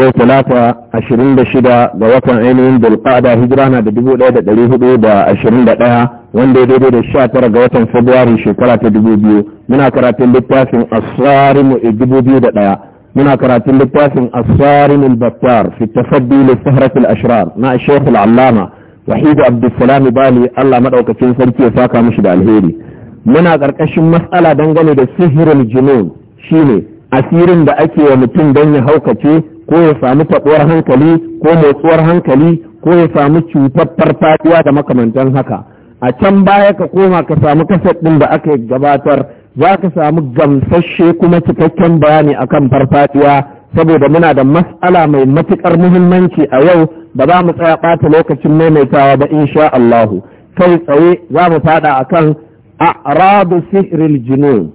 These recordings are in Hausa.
yau talata shida ga watan ainihin dulqada hijira na da dubu ɗaya da da ɗari ashirin 1421 wanda ya daidai da sha tara ga watan februari shekara ta dubu biyu muna karatun littafin eh, da ɗaya muna karatun littafin asarimu al-battar fi tafaddi li sahrat al-ashrar na shaykh al-allama wahid abdussalam bali Allah madaukakin sarki ya saka mishi da alheri muna karkashin matsala dangane da sihirin junun shine asirin da ake wa mutum don ya haukace ko ya samu taɓuwar hankali ko motsuwar hankali ko ya samu cutar farfaɗiya da makamantan haka a can baya ka koma ka samu kaset ɗin da aka gabatar za ka samu gamsashe kuma cikakken bayani akan farfaɗiya saboda muna da matsala mai matuƙar muhimmanci a yau ba za mu tsaya ɓata lokacin maimaitawa ba insha Allahu kai tsaye za mu faɗa akan a'radu sihril junun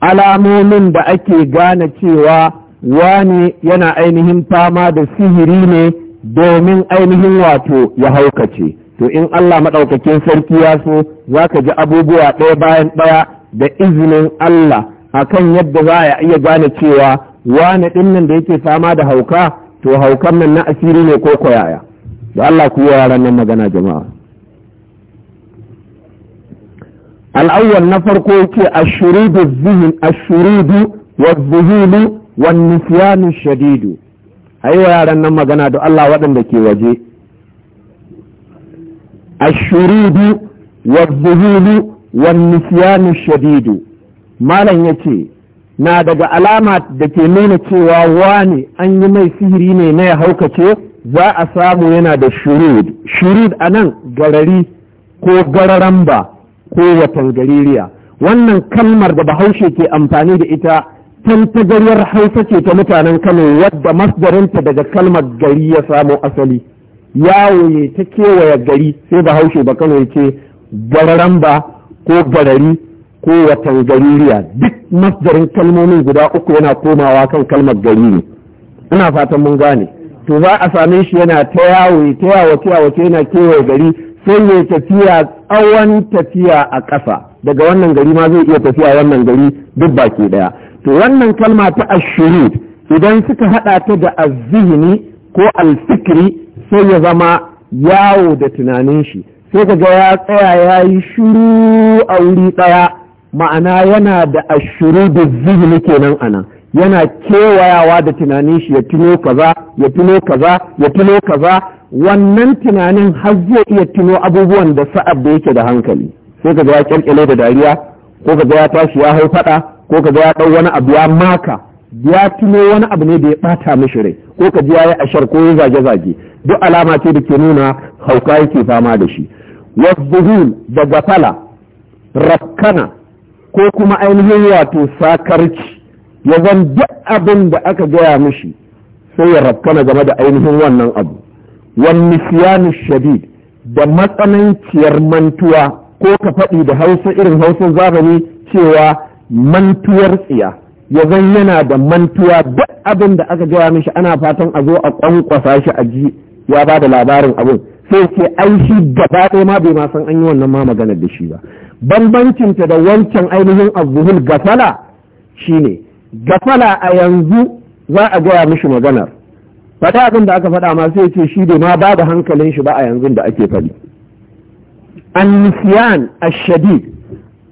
alamomin da ake gane cewa wani yana ainihin fama da sihiri ne domin ainihin wato ya haukace to in Allah maɗaukakin sarki ya so za ka ji abubuwa ɗaya bayan ɗaya da izinin Allah akan yadda za a iya gane cewa wani ɗin nan da yake fama da hauka to haukan nan na asiri ne ko kwayaya da Allah ku yi yaran nan magana jama'a al'awwal na farko yake ashuridu zihin ashuridu wa zuhulu wani siyanin shadidu yi wa yaran nan magana da Allah waɗanda ke waje wa wadhuhulu wani siyanin shadidu malam ce na daga alama da ke nuna cewa wane an yi mai sihiri ne na ya haukace za a samu yana da shurud shurud a nan garari ko gararamba ko watan gaririya wannan kalmar da bahaushe ke amfani da ita tantagaryar hausa ce ta mutanen kano wadda masdarinta daga kalmar gari ya samo asali ne ta kewaye gari sai ba haushe ba kano ya ce gararan ba ko Barari ko watan gaririya duk masdarin kalmomin guda uku yana komawa kan kalmar gari ne ina fatan mun gane to za a same shi yana ta yawo ta yawo ta yawo yana kewaye gari sai ya tafiya tsawon tafiya a ƙasa daga wannan gari ma zai iya tafiya wannan gari duk baki daya to wannan kalma ta ashurud idan suka haɗa ta da azzihini ko alfikri sai ya zama yawo da tunanin shi sai ka ga ya tsaya ya yi shuru a wuri ɗaya ma'ana yana da ashuru da zihini kenan anan yana kewayawa da tunanin shi ya tuno kaza ya tuno kaza ya tuno kaza wannan tunanin har zai iya tuno abubuwan da sa'ad da yake da hankali sai ka ga ya kyalkyale da dariya ko ka ga ya tashi ya hau faɗa ko ka ga ya ɗau wani abu ya maka ya tuno wani abu ne da ya ɓata mishi rai ko ka ji ya yi ashar ko ya zage-zage duk alama ce da ke nuna hauka yake fama da shi wasu da gafala rakkana ko kuma ainihin wato sakarci ya zan duk abin da aka gaya mishi sai ya rakkana game da ainihin wannan abu wani siyanu shadid da matsananciyar mantuwa ko ka faɗi da hausa irin hausa zamani cewa mantuwar tsiya ya zan yana da mantuwa duk abin da aka gaya mishi ana fatan a zo a kwankwasa shi a ji ya ba da labarin abin sai ce ai shi gaba ɗaya ma bai ma san an yi wannan ma magana da shi ba bambancin ta da wancan ainihin abuhul gafala shine gafala a yanzu za a gaya mishi maganar faɗa abin da aka faɗa ma sai shi bai ma ba da hankalin shi ba a yanzu da ake faɗi an nisyan ashadid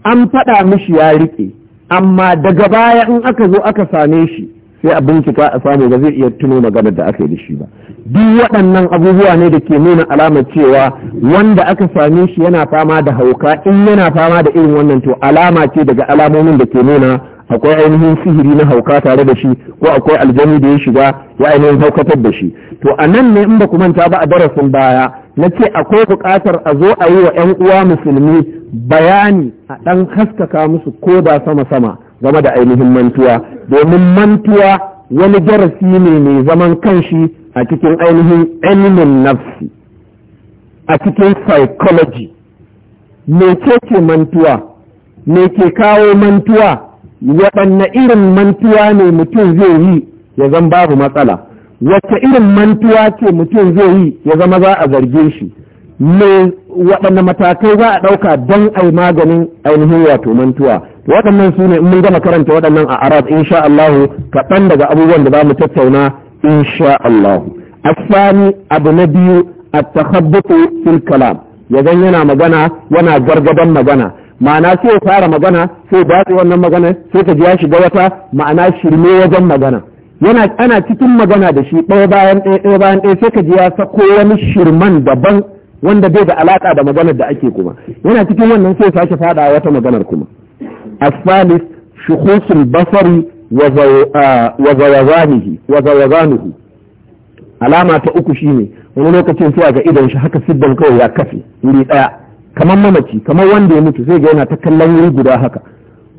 an faɗa mishi ya riƙe amma daga baya in aka zo aka same shi sai a bincika a samu ba zai iya tuno maganar da aka yi da shi ba duk waɗannan abubuwa ne da ke nuna alama cewa wanda aka same shi yana fama da hauka in yana fama da irin wannan to alama ce daga alamomin da ke nuna akwai ainihin sihiri na hauka tare da shi ko akwai aljanu da ya shiga ya ainihin haukatar da shi to a nan ne in ba ku manta ba a darasin baya na ce akwai buƙatar a zo a yi wa 'yan uwa musulmi bayani a ɗan haskaka musu ko da sama-sama game da ainihin mantuwa domin mantuwa wani darasi ne mai zaman kanshi a cikin ainihin ilimin nafsi a cikin psychology me ke mantuwa me ke kawo mantuwa waɗanne irin mantuwa ne mutum zai yi ya zan babu matsala wacce irin mantuwa ce mutum zai yi ya zama za a zarge shi me waɗanne matakai za a ɗauka don ai maganin ainihin wato mantuwa waɗannan su ne in mun gama karanta waɗannan a arab insha Allah kaɗan daga abubuwan da za mu tattauna insha Allah asani abu na biyu a takhabbutu fil kalam yana magana yana gargadan magana ma'ana sai ya fara magana sai batsi wannan magana sai ka ji ya shiga wata ma'ana shirme wajen magana yana ana cikin magana da shi ɗaya bayan ɗaya ɗaya bayan ɗaya sai ka ji ya sako wani shirman daban wanda bai da alaka da maganar da ake kuma yana cikin wannan sai sake fada wata maganar kuma asfalis shukhusul basari wa zawazanihi wa zawazanihi alama ta uku shine wani lokacin sai ga idon shi haka siddan kawai ya kafe wuri daya kamar mamaci kamar wanda ya mutu sai ga yana ta kallon wuri guda haka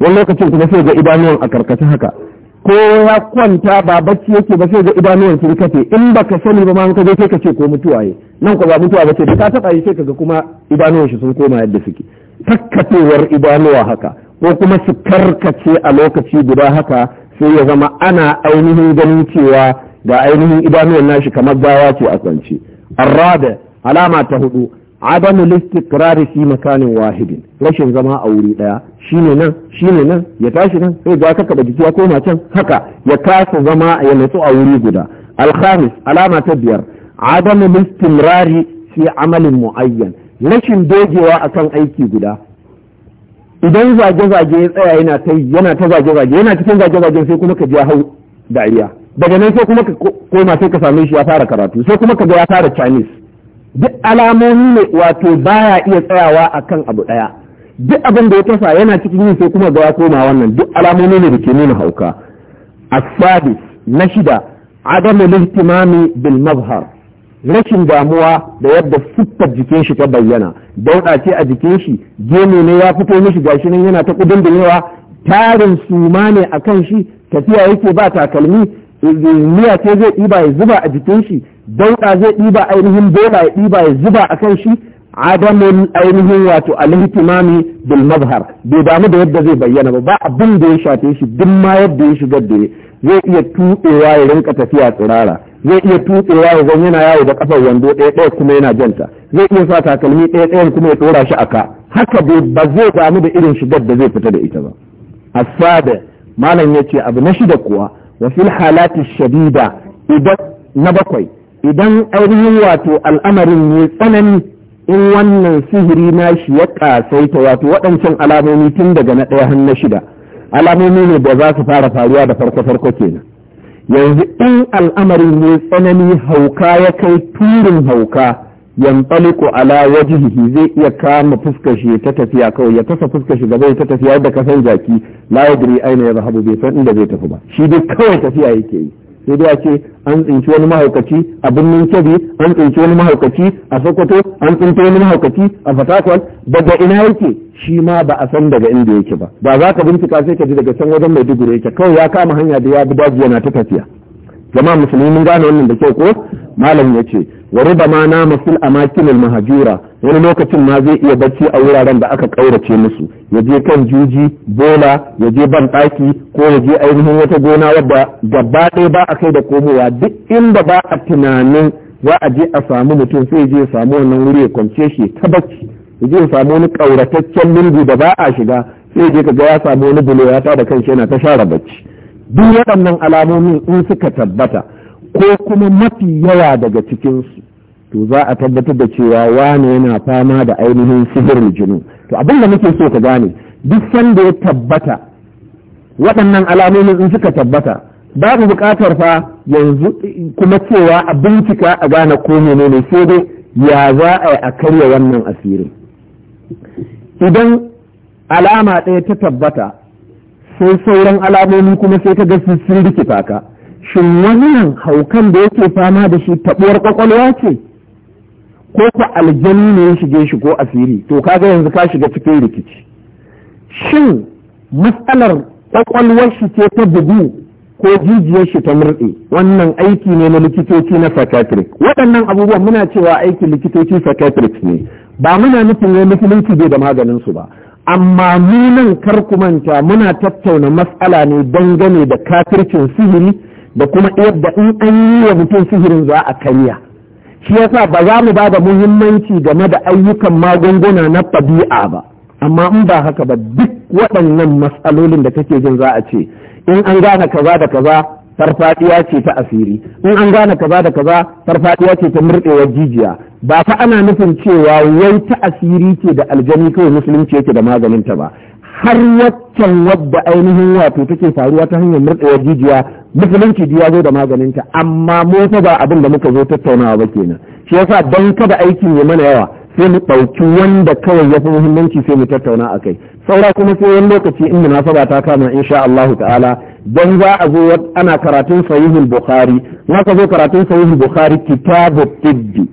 wani lokacin kuma sai ga idanuwan a karkashin haka ko ya kwanta ba bacci yake ba sai ga idanuwan sun kafe in baka sani ba ma ka je sai ka ce ko mutuwa ye nan ko ba mutuwa ba ce ka taba yi sai kaga kuma idanuwan shi sun koma yadda suke takkatewar idanuwa haka ko kuma su karkace a lokaci guda haka sai ya zama ana ainihin ganin cewa ga ainihin idanuwan nashi kamar gawa ce a kwance arrada alama ta hudu adamu listiqrar fi makanin wahidin rashin zama a wuri daya shine nan shine nan ya tashi nan sai ga kaba jiki ya koma can haka ya kasa zama ya natsu a wuri guda al alama ta biyar adamu listimrari fi amalin muayyan rashin dogewa akan aiki guda idan zage-zage ya tsaya yana ta yana ta zage-zage yana cikin zage sai kuma ka ji hau dariya daga nan sai kuma ka koma sai ka same shi ya fara karatu sai kuma ka ga ya fara chinese duk alamomi ne wato baya iya tsayawa a kan abu ɗaya. duk abin da ya tafa yana cikin yin sai kuma gawa koma wannan duk alamomi ne da ke nuna hauka asfadi na shida adamu lihtimami bil mazhar rashin damuwa da yadda siffar jikin shi ta bayyana a ce a jikin shi gemu ne ya fito mishi gashi nan yana ta kudin da tarin suma ne akan shi tafiya yake ba takalmi miya ce zai ɗiba ya zuba a jikin shi dauɗa zai ɗiba ainihin bola ya ɗiba ya zuba a kan shi adamun ainihin wato alihtimami bil mazhar bai damu da yadda zai bayyana ba ba abin da ya shafe shi duk ma yadda ya shigar da zai iya tuɗewa ya rinka tafiya tsirara zai iya tutsewa ya zan yana yawo da kafar wando ɗaya ɗaya kuma yana janta zai iya sa takalmi ɗaya ɗaya kuma ya ɗora shi a ka haka bai ba zai damu da irin shigar da zai fita da ita ba asada malam ya ce abu na shida kuwa wa fil halati shadida idan na bakwai idan ainihin wato al'amarin ne tsanani in wannan sihiri na shi ya ƙasaita wato waɗancan alamomi tun daga na ɗaya har na shida alamomi ne da za su fara faruwa da farko-farko kenan yanzu in al'amarin ne tsanani hauka ya kai turin hauka ko ala wajhihi zai iya kama fuskar shi ta tafiya kawai ya tasa fuskar shi gaba ta tafiya da kasan san jaki la yadri aina ya zahabu bai san inda zai tafi ba shi dai kawai tafiya yake yi sai dai a ce an tsinci wani mahaukaci a birnin kebi an tsinci wani mahaukaci a sokoto an tsinci wani mahaukaci a fatakwal daga ina yake shi ma ba a san daga inda yake ba ba za ka bincika sai ka ji daga can wajen mai maiduguri yake kawai ya kama hanya da ya bi daji yana ta tafiya jama'a musulmi mun gane wannan da kyau ko malam ya ce wa ruba ma na masul amakinul mahajura wani lokacin ma zai iya bacci a wuraren da aka ƙaurace musu ya je kan juji bola ya je ban ɗaki ko ya je ainihin wata gona wadda gaba ɗaya ba a kai da komowa duk inda ba a tunanin za a je a samu mutum sai je samu wannan wuri ya kwance shi ta bacci ya je samu wani ƙaurataccen lingu da ba a shiga sai je ka ga ya samu wani bulo ya da kanshi yana ta share bacci duk waɗannan alamomin in suka tabbata ko kuma mafi yawa daga cikinsu to za a tabbatar da cewa wane yana fama da ainihin sihirin jini, to abin da muke so ka gane duk sanda ya tabbata waɗannan alamomin in suka tabbata babu buƙatar fa yanzu kuma cewa a bincika a gane ko menene sai dai ya za a yi a karya wannan asirin idan alama ɗaya ta tabbata sai sauran alamomi kuma sai ta ga sun rikita ka shin wannan haukan da yake fama da shi taɓuwar ƙwaƙwalwa ce ko ku aljani ne ya shige shi ko asiri to kaga yanzu ka shiga cikin rikici shin matsalar kwakwalwar shi ce ta bugu ko jijiyar shi ta murɗe wannan aiki ne na likitoci na psychiatric waɗannan abubuwan muna cewa aiki likitoci psychiatric ne ba muna nufin ne musulunci bai da maganin su ba amma mu nan kar ku manta muna tattauna matsala ne dangane da kafircin sihiri da kuma yadda in an yi wa mutum sihirin za a karya shi yasa ba za mu ba da muhimmanci game da ayyukan magunguna na ɗabi'a ba amma in ba haka ba duk waɗannan matsalolin da kake jin za a ce in an gane kaza da kaza farfadiya ce ta asiri in an gane kaza da kaza farfadiya ce ta murɗewar jijiya ba fa ana nufin cewa wai ta asiri ce da aljani kawai musulunci yake da maganinta ba har waccan wadda ainihin wato take faruwa ta hanyar murɗewar jijiya musulunci duk ya zo da maganinta amma mu fa ba abin da muka zo tattaunawa ba kenan shi yasa don kada aikin ya mana yawa sai mu ɗauki wanda kawai ya fi muhimmanci sai mu tattauna a kai saura kuma sai wani lokaci in nasaba ta kama insha Allahu ta'ala don za a zo ana karatun sahihul bukhari na ka zo karatun sahihul bukhari kitabu tibbi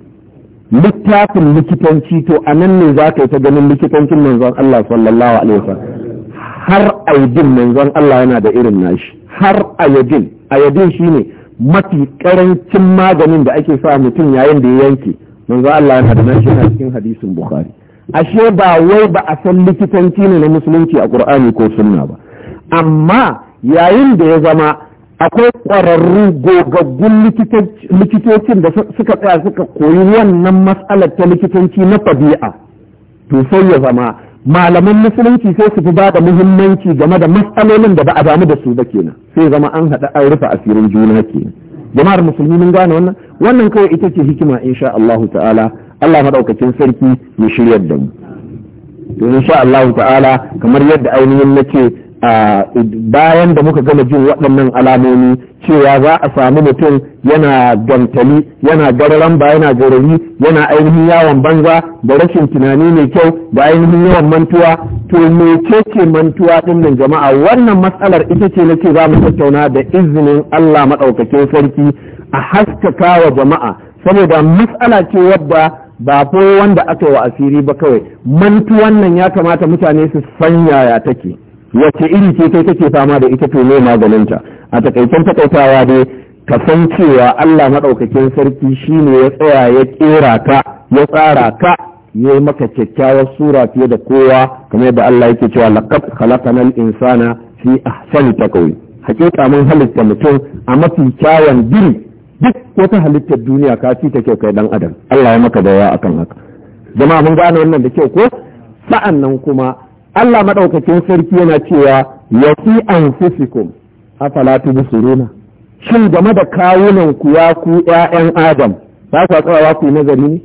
littafin likitanci to a nan ne za ka yi ta ganin likitancin manzon Allah sallallahu alaihi wasallam har aidin manzon Allah yana da irin nashi har ayodin ayodin shine mafi karancin maganin da ake sa mutum yayin da ya yanke manzo Allah yana da nashi a cikin hadisin bukhari ashe ba wai ba a san likitanci ne na musulunci a ƙur'ani ko sunna ba amma yayin da ya zama akwai ƙwararru gogaggun likitocin da suka tsaya suka koyi wannan matsalar ta likitanci na fadi'a to sai ya zama malaman musulunci sai su fi ba da muhimmanci game da matsalolin da ba a damu da su ba kenan sai zama an haɗa an rufe asirin juna kenan jama'ar musulmi mun gane wannan wannan kawai ita ce hikima insha Allah ta'ala Allah madaukakin sarki ya shiryar da mu to insha Allah ta'ala kamar yadda ainihin nace bayan da muka gama jin waɗannan alamomi cewa za a samu mutum yana gantali yana gararan ba yana garari yana ainihin yawon banza da rashin tunani mai kyau da ainihin yawan mantuwa to me ce mantuwa ɗin nan jama'a wannan matsalar ita ce nake za mu tattauna da izinin Allah maɗaukakin sarki a haskaka wa jama'a saboda matsala ce wadda ba ko wanda aka yi wa asiri ba kawai mantuwan nan ya kamata mutane su san yaya take wace iri ce kai kake fama da ita to ne maganinta a takaicen takautawa dai ka san cewa Allah maɗaukakin sarki shine ya tsaya ya kera ka ya tsara ka ya yi maka kyakkyawar sura fiye da kowa kamar yadda Allah yake cewa laqad khalaqanal insana fi ahsani taqwim hakika mun halitta mutum a mafi kyawun biri duk wata halittar duniya ka ci ta kyau kai dan adam Allah ya maka dawa akan haka jama'a mun gane wannan da kyau ko sa'an kuma Allah maɗaukakin sarki yana cewa ya fi a Falatu busuruna shin game da kawunan ku ya ku ya'yan adam za ku tsawa ku nazari ne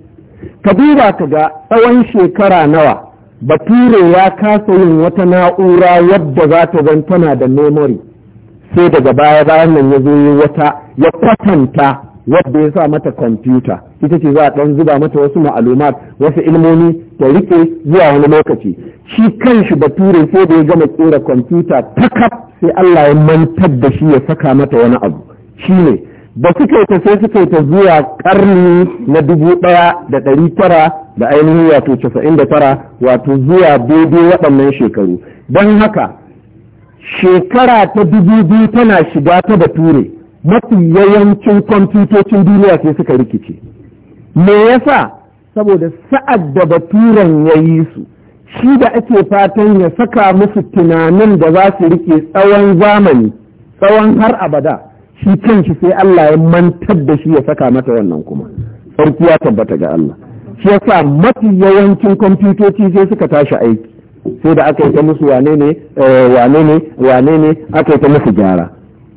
ka duba ka ga tsawon shekara nawa bature ya kasa yin wata na'ura wadda za ta zantana da memory sai daga baya bayan nan ya zo yi wata ya kwatanta wadda ya sa mata kwamfuta ita ce za a ɗan zuba mata wasu ma'alumat wasu ilmomi ya rike zuwa wani lokaci shi kanshi bature sai da ya gama kera kwamfuta takaf sai Allah ya mantar da shi ya saka mata wani abu shine da suka ta sai suka ta zuwa karni na dubu ɗaya da ɗari tara da ainihin wato casa'in da tara wato zuwa daidai waɗannan shekaru don haka shekara ta dubu biyu tana shiga ta bature mafi yawancin kwamfutocin duniya sai suka rikice me yasa saboda sa'ad da baturan ya yi su shi da ake fatan ya saka musu tunanin da za su rike tsawon zamani tsawon har abada shi kanshi sai Allah ya mantar da shi ya saka mata wannan kuma sarki ya tabbata ga Allah shi sa mafi yawancin kwamfutoci sai suka tashi aiki sai da aka yi ta musu wane ne eh, wane ne wane ne aka yi ta musu gyara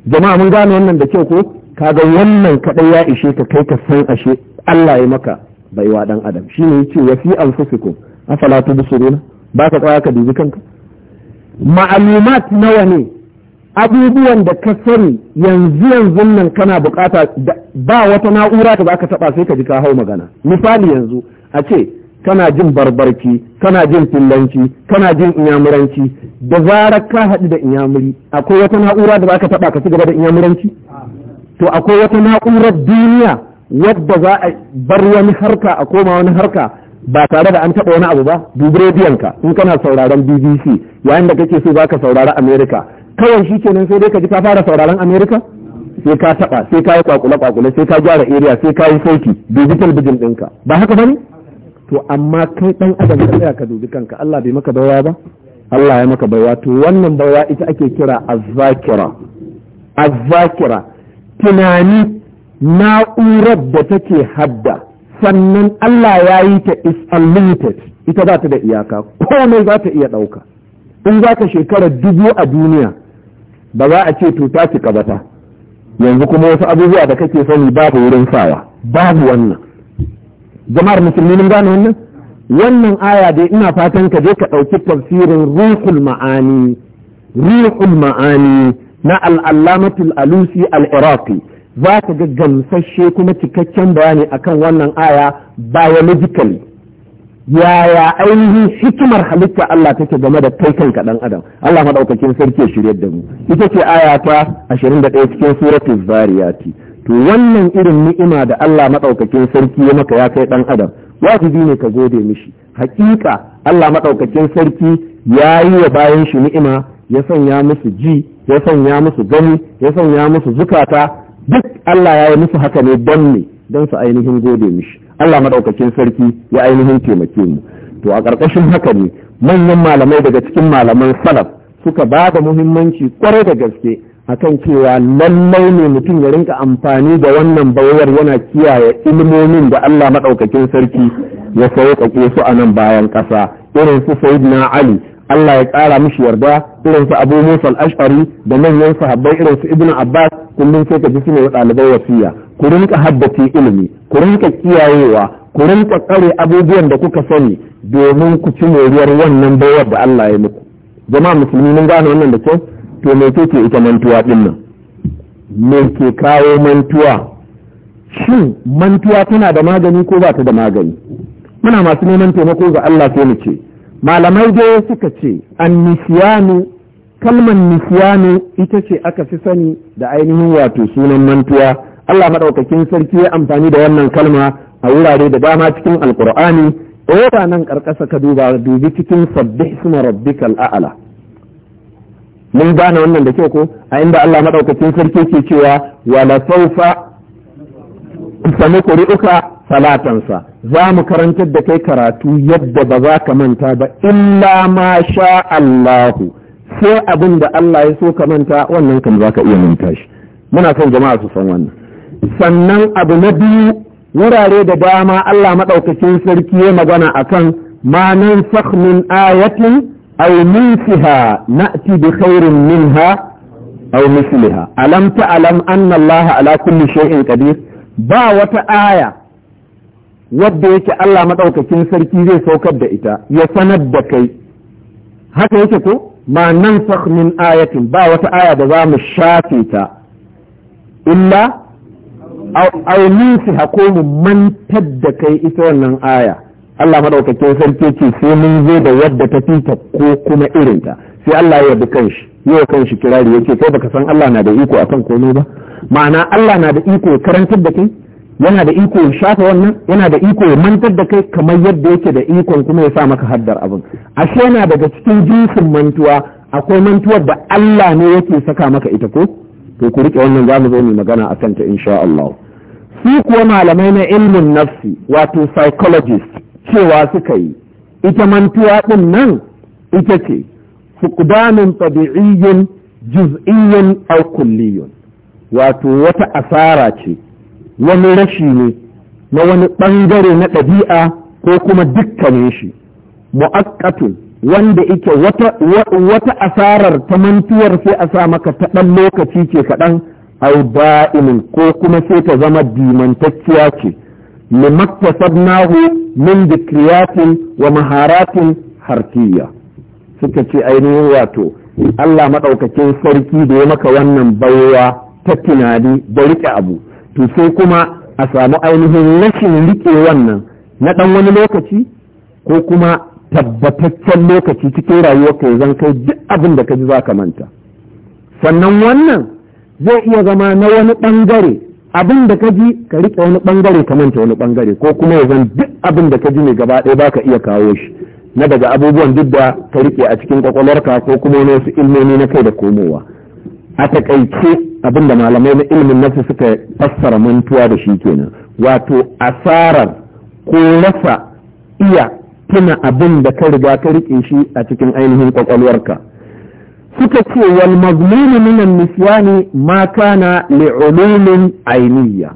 jama'a mun gane wannan da kyau ko kaga wannan kadai ya ishe ka kai ka san ashe Allah ya maka baiwa dan adam shine yace wa fi anfusikum afala tubsiruna ba ka tsaya ka dubi kanka ma'alumat nawa ne abubuwan da ka sani yanzu yanzu nan kana bukata ba wata na'ura da zaka taba sai ka ji ka hau magana misali yanzu a ce kana jin barbarki kana jin fillanci kana jin inyamuranci da zarar ka haɗu da inyamuri akwai wata na'ura da zaka taba ka ci gaba da inyamuranci to akwai wata na'urar duniya wadda za a bar wani harka a koma wani harka ba tare da an taɓa wani abu ba dubi rediyonka in kana sauraron bbc yayin da kake so za ka saurari america kawai shi kenan sai dai ka ji ka fara sauraron america sai ka taɓa sai ka yi kwakule kwakule sai ka gyara area sai ka yi sauki dubi talbijin ɗinka ba haka bane to amma kai ɗan adam ka tsaya ka dubi kanka allah bai maka baiwa ba allah ya maka baiwa to wannan baiwa ita ake kira azzakira azzakira tunani na'urar da take hadda sannan Allah ya yi ta is unlimited ita za ta da iyaka komai za ta iya ɗauka in za ka shekara dubu a duniya ba za a ce to ta cika ba yanzu kuma wasu abubuwa da kake sani babu wurin sawa babu wannan jama'ar musulmi mun gane wannan wannan aya dai ina fatan ka je ka ɗauki tafsirin ruhul ma'ani ruhul ma'ani na al'allamatul alusi al-iraqi za ka ga gamsashe kuma cikakken bayani akan wannan aya biologically yaya ainihin hikimar halitta Allah take game da kai kanka dan adam Allah madaukakin sarki ya shirye da mu ita ce aya ta ɗaya cikin suratul zariyati to wannan irin ni'ima da Allah maɗaukakin sarki ya maka ya kai dan adam wajibi ne ka gode mishi hakika Allah maɗaukakin sarki ya yi wa bayan shi ni'ima ya sanya musu ji ya sanya musu gani ya sanya musu zukata duk Allah ya yi musu haka ne don ne don su ainihin gode mishi Allah madaukakin sarki ya ainihin taimake mu to a ƙarƙashin haka ne manyan malamai daga cikin malaman salaf suka ba da muhimmanci kwarai da gaske akan cewa lallai ne mutum ya rinka amfani da wannan bayar yana kiyaye ilmomin da Allah maɗaukakin sarki ya sauƙaƙe su a nan bayan ƙasa irin su sayyidina Ali Allah ya ƙara mishi yarda irin su Abu Musa ashari da manyan sahabbai irin su Ibn Abbas kullum sai ka ji ne wa ɗaliban wasiya ku rinka haddace ilimi ku rinka kiyayewa ku rinka tsare abubuwan da kuka sani domin ku ci moriyar wannan bayar da Allah ya muku jama'a musulmi mun gane wannan da kyau to me ke ita mantuwa din nan me ke kawo mantuwa shin mantuwa tana da magani ko ba ta da magani muna masu neman taimako ga Allah sai mu ce malamai dai suka ce annisiyanu kalmar nisyanu ita ce aka fi sani da ainihin wato sunan mantuwa Allah madaukakin sarki ya amfani da wannan kalma a wurare da dama cikin alkur'ani ta eh, nan karkasa ka duba dubi cikin sabbih isma rabbikal a'la mun gane wannan da kyau ko a inda Allah madaukakin sarki ke cewa wala saufa sami qur'uka salatansa za mu karantar da kai karatu yadda ba za ka manta ba illa ma sha Allahu sai abin da Allah ya so ka manta wannan kan za ka iya manta shi muna son jama'a su san wannan sannan abu na biyu wurare da dama Allah maɗaukacin sarki ya magana akan ma nan min ayatin aw nunsiha na'ti bi khairin minha aw misliha alam ta anna Allah ala kulli shay'in qadir ba wata aya wadda yake Allah maɗaukakin sarki zai saukar da ita ya sanar da kai haka yake ko ma nansakh min ayatin ba wata aya da za mu shafe ta illa aunisi hako mu mantar da kai ita wannan aya Allah madaukakin sarki ce sai mun zo da wadda ta fita ko kuma irinta sai Allah ya yabi kanshi yau kanshi kirari yake kai baka san Allah na da iko akan komai ba ma'ana Allah na da iko karantar da kai yana da iko ya shafa wannan yana da iko ya mantar da kai kamar yadda yake da ikon kuma ya sa maka haddar abin ashe yana daga cikin jinsin mantuwa akwai mantuwar da Allah ne yake saka maka ita ko to ku rike wannan zamu zo mu magana akan ta insha Allah su kuwa malamai na ilmin nafsi wato psychologist cewa suka yi ita mantuwa din nan ita ce fuqdanun tabi'iyyin juz'iyyin aw wato wata asara ce wani rashi ne na wani ɓangare na ɗabi'a ko kuma dukkanin shi mu'akkatun wanda ike wata, asarar ta mantuwar sai a sa maka ta ɗan lokaci ce kaɗan au da'imin ko kuma sai ta zama dimantacciya ce limaktasabnahu min dikriyatin wa maharatin harfiya. suka ce ainihin wato Allah maɗaukakin sarki da ya maka wannan baiwa ta tunani da riƙe abu to sai kuma a samu ainihin rashin riƙe wannan na ɗan wani lokaci ko kuma tabbataccen lokaci cikin rayuwar ya zan kai duk abin da ka ji za ka manta sannan wannan zai iya zama na wani ɓangare abin da ka ji ka riƙe wani ɓangare ka manta wani ɓangare ko kuma ya zan duk abin da ka ji ne gaba ɗaya ba ka iya kawo shi na daga abubuwan duk da ka riƙe a cikin kwakwalwarka ko kuma wani wasu ilmomi na kai da komowa a takaice abinda malamai na ilimin nasu suka fassara mantuwa da shi kenan wato asarar ko rasa iya tuna abin da ka riga ka riƙe shi a cikin ainihin kwakwalwarka suka ce wal mazmunu minan nisyani ma kana li'ulumin ainiya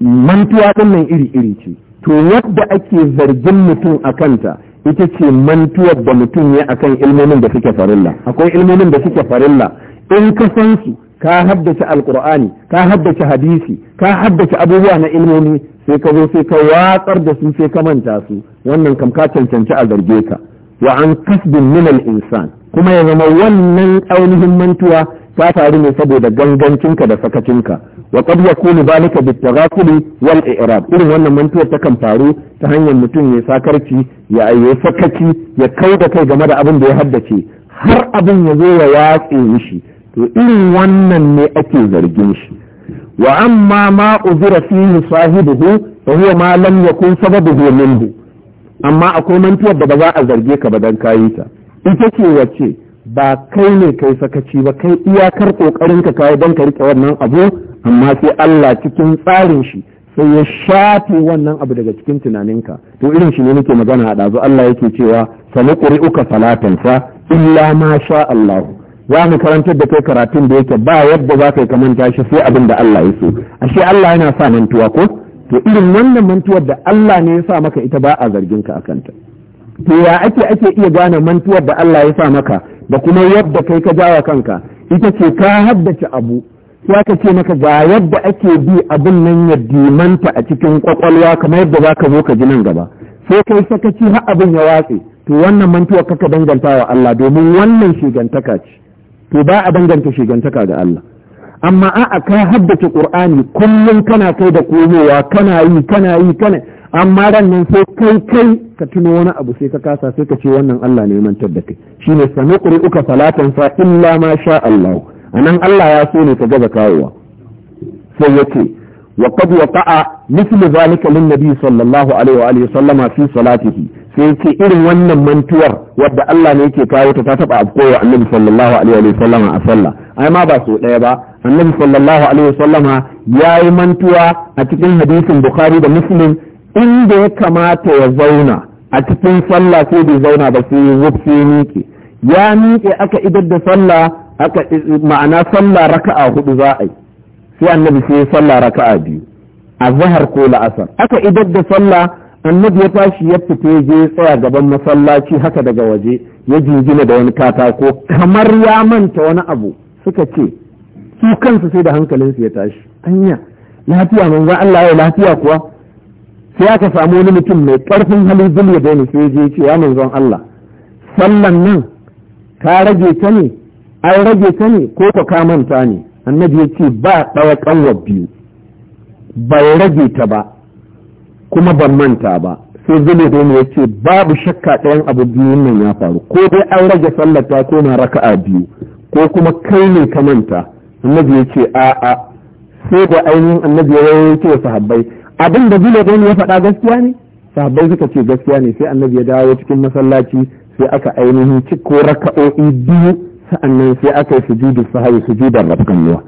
mantuwa din nan iri iri ce to yadda ake zargin mutum a kanta ita ce mantuwar da mutum ya akan ilmomin da suke farilla akwai ilmomin da suke farilla in ka san su ka haddace al'kur'ani ka haddace hadisi ka haddace abubuwa na ilmomi sai ka zo sai ka watsar da su sai ka manta su wannan kam ka cancanci a zarge ka wa an kasbin min insan kuma ya zama wannan ainihin mantuwa ta faru ne saboda gangancinka da sakacinka wa qad yakunu zalika bitaghafuli wal i'rab irin wannan mantuwar ta kan faru ta hanyar mutum ya sakarci ya yi sakaci ya kauda kai game da abin da ya haddace har abin ya zo ya watse mishi to irin wannan ne ake zargin shi wa amma ma uzira fihi sahibuhu fa huwa ma lam yakun sababuhu minhu amma akwai mantuwar da ba za a zarge ka ba dan kayi ta ita ce wace ba kai ne kai sakaci ba kai iyakar kokarin ka kayi dan ka rike wannan abu amma sai Allah cikin tsarin shi sai ya shafe wannan abu daga cikin tunaninka to irin shi ne nake magana a dazu Allah yake cewa sanuqri'uka salatan fa illa ma sha Allahu za mu karantar da kai karatun da yake ba yadda za ka yi kamanta shi sai abin da Allah ya so ashe Allah yana sa mantuwa ko to irin wannan mantuwar da Allah ne ya sa maka ita ba a zargin ka ta to ya ake ake iya gane mantuwar da Allah ya sa maka da kuma yadda kai ka jawa kanka ita ce ka haddace abu sai aka ce maka ga yadda ake bi abin nan ya dimanta a cikin kwakwalwa kamar yadda za ka zo ka ji nan gaba sai kai sakaci har abin ya watse to wannan mantuwar kaka danganta wa Allah domin wannan shigantaka ce to ba a danganta shigantaka ga Allah amma a'a ka haddace qur'ani kullum kana kai da komowa kana yi kana yi kana amma ran nan sai kai kai ka tuno wani abu sai ka kasa sai ka ce wannan Allah ne mantar da kai shine sanuqri uka salatan fa illa ma sha Allah anan Allah ya so ne ka gaza kawowa sai yace wa qad waqa'a mithlu zalika lin nabi sallallahu alaihi wa alihi sallama fi salatihi sai yake irin wannan mantuwar wadda Allah ne yake kawo ta ta taba afkowa annabi sallallahu alaihi wa sallam a sallah ai ma ba so daya ba annabi sallallahu alaihi wa sallam yi mantuwa a cikin hadisin bukhari da muslim inda ya kamata ya zauna a cikin sallah sai bai zauna ba sai ya zubce miƙe ya miƙe aka idar da sallah aka ma'ana sallah raka'a hudu za a yi sai annabi sai ya sallah raka'a biyu a zahar ko la'asar aka idar da sallah annabi ya tashi ya fita je tsaya gaban masallaci haka daga waje ya jingina da wani katako kamar ya manta wani abu suka ce su kansu sai da hankalinsu ya tashi anya lafiya manzon Allah ya lafiya kuwa sai aka samu wani mutum mai ƙarfin hali ya da ni sai je ce ya manzon Allah sallan nan ka rage ta ne an rage ta ne ko ka manta ne annabi ya ce ba ɗawa ƙanwa biyu bai rage ta ba kuma ban manta ba sai domin ya ce babu shakka ɗayan abu biyu nan ya faru ko dai an rage sallar ta koma raka'a biyu ko kuma kai ne ka manta annabi ya ce a'a sai da ainihin annabi ya ce sahabbai abin da domin ya faɗa gaskiya ne sahabbai suka ce gaskiya ne sai annabi ya dawo cikin masallaci sai aka ainihin ciko raka'o'i biyu sa'annan sai aka yi sujudu sahabi sujudar rafkanuwa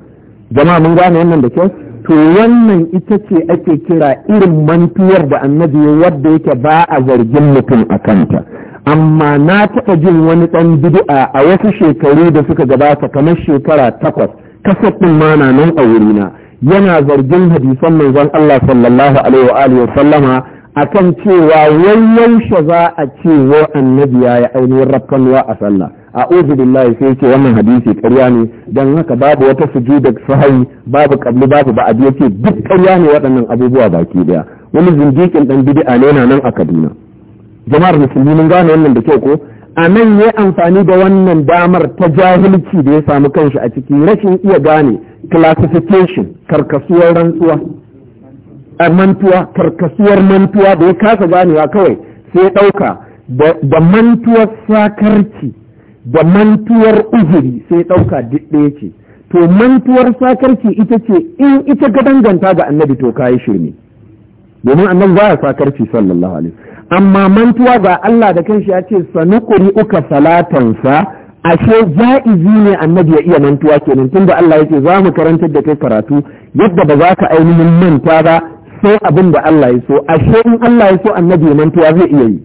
jama'a mun gane wannan da kyau to wannan ita ce ake kira irin mantuwar da annabi wadda yake ba a zargin mutum a kanta amma na taɓa jin wani ɗan bid'a a wasu shekaru da suka gabata kamar shekara takwas kasafin ɗin ma na nan a wurina yana zargin hadisan manzon Allah sallallahu alaihi wa alihi sallama akan cewa wai yaushe za a ce wa annabi ya yi ainihin rafkanuwa a sallah a billahi sai yake wannan hadisi karya ne don haka babu wata sujuda sahayi babu kabli babu ba abi yake duk karya ne waɗannan abubuwa baki daya wani zindikin dan bid'a ne yana nan a Kaduna jama'ar musulmi mun gane wannan da kyau ko a nan ya amfani da wannan damar ta jahilci da ya samu kanshi a ciki rashin iya gane classification karkasuwar rantsuwa mantuwa karkasuwar mantuwa da ya kasa ganewa kawai sai ɗauka da mantuwar sakarci da mantuwar uzuri sai ɗauka duk ce to mantuwar sakarci ita ce in ita ka danganta ga annabi to kayi shirme domin annabi ba ya sakarci sallallahu alaihi amma mantuwa ga Allah da kanshi ya ce sanukuri uka salatansa ashe ja'izi ne annabi ya iya mantuwa kenan tunda Allah yake za mu karantar da kai karatu yadda ba za ka ainihin manta ba sai abin da Allah ya so ashe in Allah ya so annabi ya mantuwa zai iya yi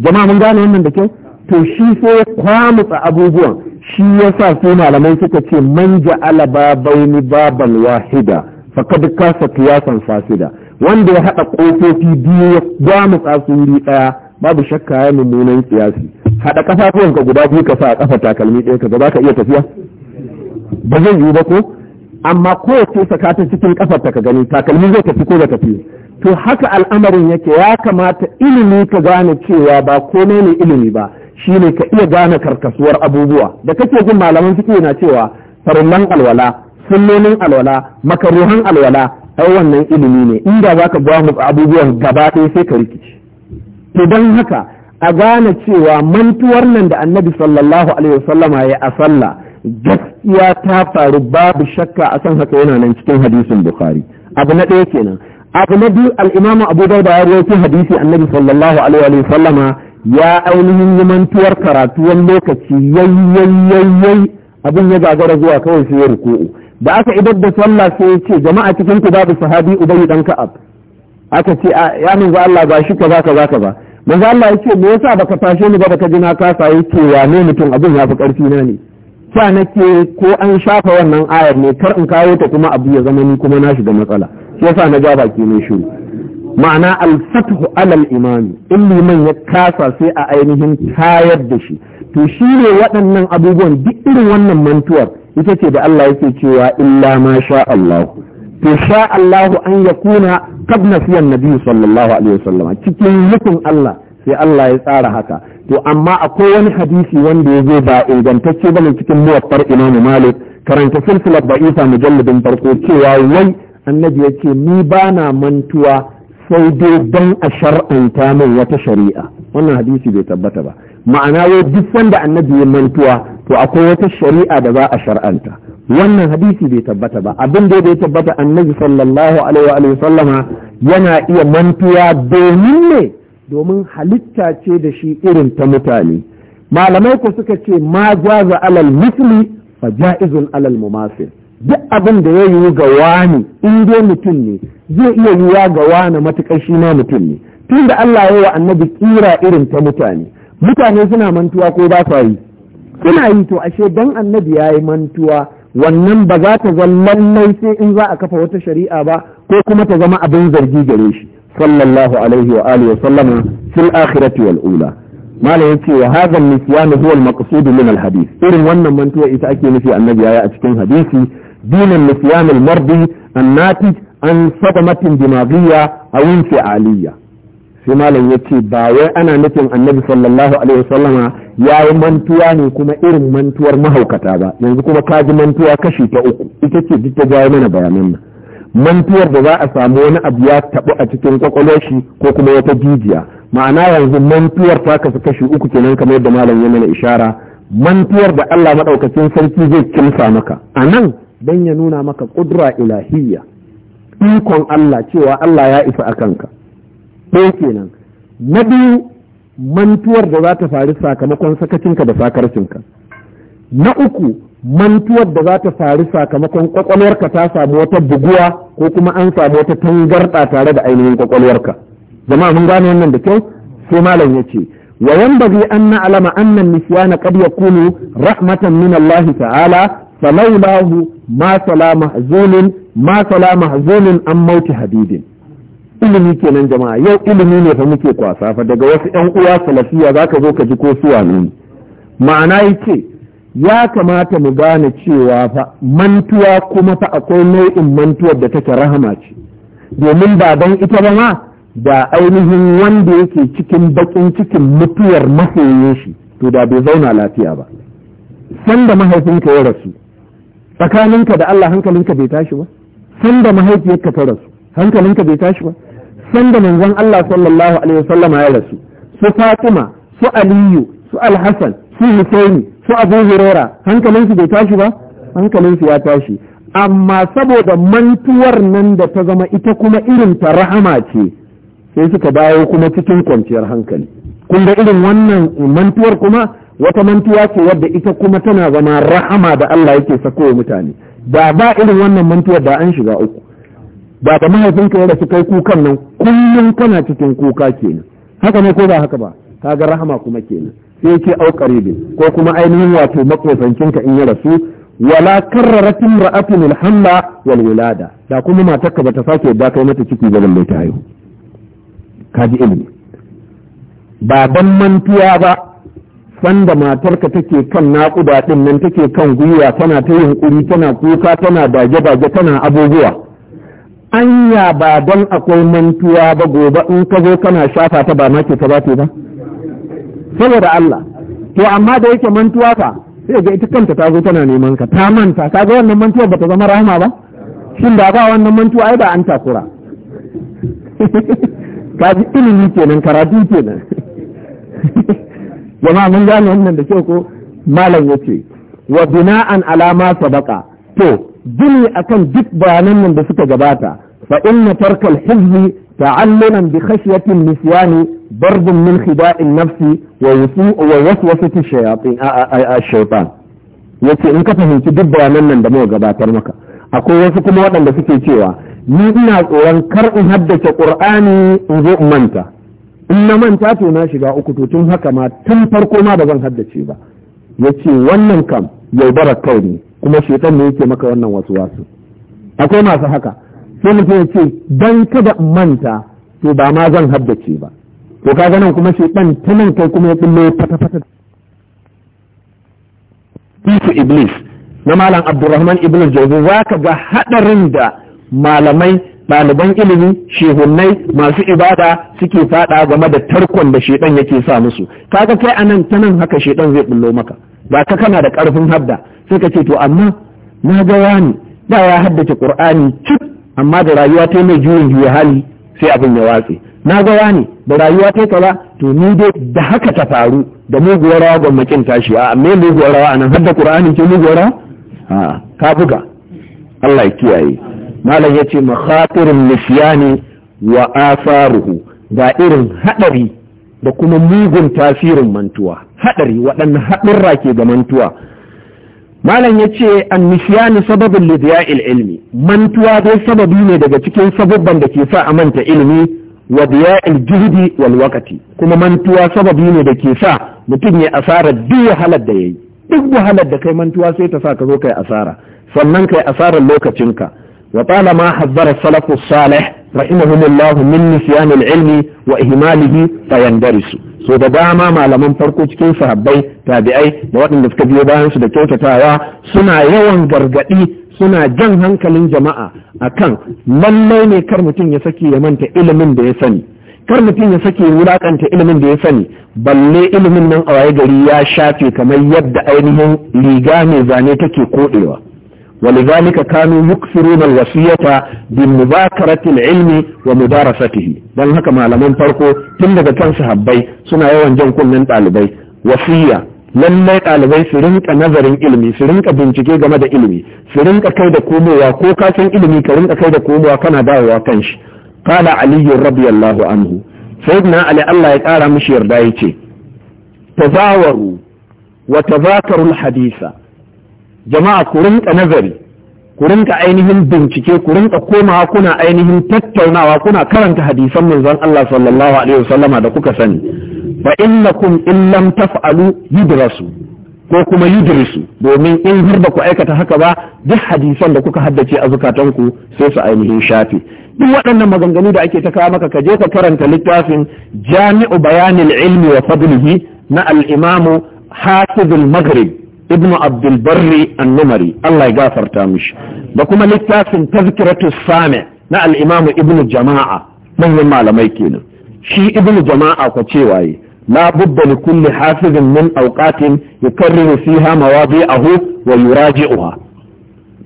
jama'a mun gane wannan da kyau to shi sai kwamutsa abubuwan shi ya sa su malamai suka ce man ja'ala babaini baban wahida faqad kasa kiyasan fasida wanda ya haɗa ƙofofi biyu ya gwamutsa su wuri ɗaya babu shakka ya mummunan kiyasi haɗa ka guda biyu ka sa a ƙafa takalmi ɗaya ka za ka iya tafiya ba zai yiwu ba ko amma ce saka ta cikin kafarta ka gani takalmi zai tafi ko da tafi to haka al'amarin yake ya kamata ilimi ka gane cewa ba komai ne ilimi ba shine ka iya gane karkasuwar abubuwa da kake jin malaman fiqh na cewa farullan alwala sunnonin alwala makaruhan alwala ai wannan ilimi ne inda za zaka gwamu abubuwan gaba ɗaya sai ka rikici to don haka a gane cewa mantuwar nan da annabi sallallahu alaihi wasallama ya a sallah gaskiya ta faru babu shakka a san haka yana nan cikin hadisin bukhari abu na ɗaya kenan abu na biyu al'imamu abu dauda ya rawaito hadisi annabi sallallahu alaihi wasallama ya ainihin zamantuwar karatu wani lokaci yayyayyayyayi abin ya gagara zuwa kawai sai ya ruku'u da aka idar da sallah sai ya ce jama'a cikin ku babu sahabi ubayi dan ka'ab aka ce ya manzo Allah ba shi kaza kaza kaza manzo Allah ya ce me yasa baka tashe ni ba baka ji na kasa yake ne mutum abin ya fi karfi na ne sa nake ko an shafa wannan ayar ne kar in kawo ta kuma abu ya zama ni kuma na shiga matsala shi yasa na ja baki mai shiru ma'ana alfatuhu alal imami in liman ya kasa sai a ainihin tayar da shi to shi ne waɗannan abubuwan duk irin wannan mantuwar ita ce da Allah yake cewa illa ma sha Allah to sha Allah an yakuna qabla siyan nabi sallallahu alaihi wasallam cikin yukun Allah sai Allah ya tsara haka to amma akwai wani hadisi wanda ya zo ba ingantacce ne cikin muwaffar Imam Malik karanta silsilar ba'ifa mujalladin farko cewa wai annabi yace ni bana mantuwa sai dai don a shar'anta min wata shari'a wannan hadisi bai tabbata ba ma'ana wai duk wanda annabi ya mantuwa to akwai wata shari'a da za a shar'anta wannan hadisi bai tabbata ba abin da bai tabbata annabi sallallahu alaihi wa sallama yana iya mantuwa domin ne domin halitta ce da shi irin ta mutane malamai ku suka ce ma jaza alal musli fa ja'izun alal mumasil duk abin da ya yiwu ga wani in dai mutum ne zai iya yiwuwa ga wani matuƙar shi ma mutum ne tun da Allah ya wa annabi kira irin ta mutane mutane suna mantuwa ko ba sa yi suna yi to ashe dan annabi ya yi mantuwa wannan ba za ta zama sai in za a kafa wata shari'a ba ko kuma ta zama abin zargi gare shi sallallahu alaihi wa alihi wa sallama fil akhirati wal ula malam yace wa hadha al-nisyan huwa al-maqsud min al-hadith irin wannan mantuwa ita ake nufi annabi yayi a cikin hadisi dinan nisyan al-mardi annatij an sadamatin dimaghiya aw infialiyya sai malam yace ba wai ana nufin annabi sallallahu alaihi wasallama yayi mantuwa ne kuma irin mantuwar mahaukata ba yanzu kuma ka ji mantuwa kashi ta uku ita ce duk ta jawo mana bayanan nan mantuwar da za a samu wani abu ya taɓu a cikin kwakwalwar shi ko kuma wata jijiya ma'ana yanzu mantuwar ta kasu kashi uku kenan kamar yadda malam ya mana ishara mantuwar da Allah maɗaukacin sarki zai kimsa maka a nan don ya nuna maka ƙudura ilahiyya ikon Allah cewa Allah ya isa a kanka ɗaya kenan na biyu mantuwar da za ta faru sakamakon sakacinka da sakarcinka na uku mantuwar da za ta faru sakamakon kwakwalwarka ta samu wata buguwa ko kuma an samu wata tangarɗa tare da ainihin kwakwalwarka jama'a mun gane wannan da kyau sai malam ya ce wa zai an na'lama anna nisyana qad kunu. rahmatan min Allah ta'ala falaulahu ma sala mahzulun ma sala mahzulun an mauti habibin ilimi kenan jama'a yau ilimi ne fa muke kwasa fa daga wasu 'yan uwa salafiya zaka zo ka ji ko suwa ne ma'ana yake. ya kamata mu gane cewa fa mantuwa kuma fa akwai nau'in mantuwar da take rahama ce domin ba don ita ba ma da ainihin wanda yake cikin bakin cikin mutuwar masoyin shi to da bai zauna lafiya ba sanda mahaifinka ya rasu tsakaninka da Allah hankalinka bai tashi ba sanda mahaifiyarka ta rasu hankalinka bai tashi ba sanda manzon Allah sallallahu alaihi wasallama ya rasu su Fatima su Aliyu su Alhassan su Husaini ko a abu hurera hankalinsu bai tashi ba hankalinsu ya tashi amma saboda mantuwar nan da ta zama ita kuma irin ta rahama ce sai suka dawo kuma cikin kwanciyar hankali kun da irin wannan mantuwar kuma wata mantuwa ce wadda ita kuma tana zama rahama da Allah yake sako wa mutane da ba irin wannan mantuwar da an shiga uku ba da mahaifinka ya rasu kai kukan nan kullum kana cikin kuka kenan haka ne ko ba haka ba kaga rahama kuma kenan sai ke aukare qaribin ko kuma ainihin wato makosancinka in ya rasu wala karrarat imra'atun alhamla wal wilada da kuma ka bata sake da kai mata ciki ba balle ta haihu kaji ilimi ba dan mantuwa ba sanda matarka take kan naƙuda ɗin nan take kan gwiwa tana ta kuri tana kuka tana dage-dage tana abubuwa anya ba don akwai mantuwa ba gobe in ka zo kana shafa ta ba ma ke ta ba ba saboda Allah to amma da yake mantuwa fa sai ga ita kanta ta zo tana neman ka ta manta ka ga wannan mantuwa bata zama rahama ba shin da ba wannan mantuwa ai ba an takura ka ji ilimi kenan karatu kenan jama'a mun gane wannan da kyau ko malam yace wa bina'an alama sabaka to gini akan duk bayanan nan da suka gabata fa inna tarkal hizbi تعلنا بخشية النسيان ضرب من خداع النفس ووسوسة الشياطين الشيطان yace in ka fahimci duk bayanan nan da muka gabatar maka akwai wasu kuma waɗanda suke cewa ni ina tsoron kar in haddace qur'ani in zo in manta in na manta to na shiga uku to tun haka ma tun farko ma ba zan haddace ba yace wannan kam yaudarar kai ne kuma shetan ne yake maka wannan wasu wasu akwai masu haka sai mutum ya ce don kada in manta to ba ma zan haddace ba to kaga nan kuma shi dan ta nan kai kuma ya dillo fata fata Tisu Iblis na Malam Abdulrahman Iblis Jauzi za ka ga haɗarin da malamai ɗaliban ilimi shehunnai, masu ibada suke faɗa game da tarkon da shedan yake sa musu kaga kai anan ta nan haka shedan zai bullo maka ba ka kana da ƙarfin hadda sai ka ce to amma na ga wani da ya haddace Qur'ani cik amma da rayuwa ta mai juyin juya hali sai abin ya watse na gawa ne da rayuwa ta kaza to ni dai da haka ta faru da muguwar rawa gwamnatin tashi a me muguwar rawa anan har da qur'anin ke muguwar rawa a ka buga Allah ya kiyaye malam yace makhatirun nisyani wa asaruhu ga irin haɗari da kuma mugun tasirin mantuwa Haɗari, waɗannan haɗurra ke ga mantuwa malam ya ce an sababin lidiya'il ilmi mantuwa dai sababi ne daga cikin sababban da ke sa a manta ilimi wa diya'il wal wakati kuma mantuwa sababi ne da ke sa mutum ya asara duk wahalar da yayi duk wahalar da kai mantuwa sai ta sa ka zo kai asara sannan kai asarar lokacinka wa talama hazzara salafu salih rahimahumullahu min nisyanil ilmi wa ihmalihi fayandarisu so da dama malaman farko cikin sahabbai tabi'ai da waɗanda suka biyo bayan su da kyautatawa suna yawan gargaɗi suna jan hankalin jama'a akan lallai ne kar mutum ya sake ya manta ilimin da ya sani kar mutum ya sake wulakanta ilimin da ya sani balle ilimin nan a waye gari ya shafe kamar yadda ainihin riga mai zane take koɗewa ولذلك كانوا يكثرون الوصية بمذاكرة العلم ومدارسته بل هكا معلمان فرقو تندى كان صحابي سنة يوان جنكم من طالبي وصية lallai ɗalibai su rinka nazarin ilimi su rinka bincike game da ilimi su rinƙa kai da komowa ko ka san ilimi ka rinka kai da komowa kana dawowa kan shi qala ali radiyallahu anhu sayyidina ali Allah ya kara mishi yarda yace tazawaru wa hadisa jama'a ku rinka nazari ku rinka ainihin bincike ku rinka komawa kuna ainihin tattaunawa kuna karanta hadisan manzon Allah sallallahu alaihi wasallama da kuka sani fa innakum in lam taf'alu yudrasu ko kuma yudrisu domin in har ba ku aikata haka ba duk hadisan da kuka haddace a zukatanku sai su ainihin shafe duk waɗannan maganganu da ake ta kawo maka ka je ka karanta littafin jami'u bayanil ilmi wa fadlihi na al-imamu hasibul maghrib ibnu abdulbarri annumari Allah ya gafarta mishi da kuma littafin tazkiratu Same na al'imamu ibnu jama'a manyan malamai kenan shi ibnu jama'a kwa cewa yi la budda li kulli hafizin min awqatin yukarriru fiha mawadi'ahu wa yuraji'uha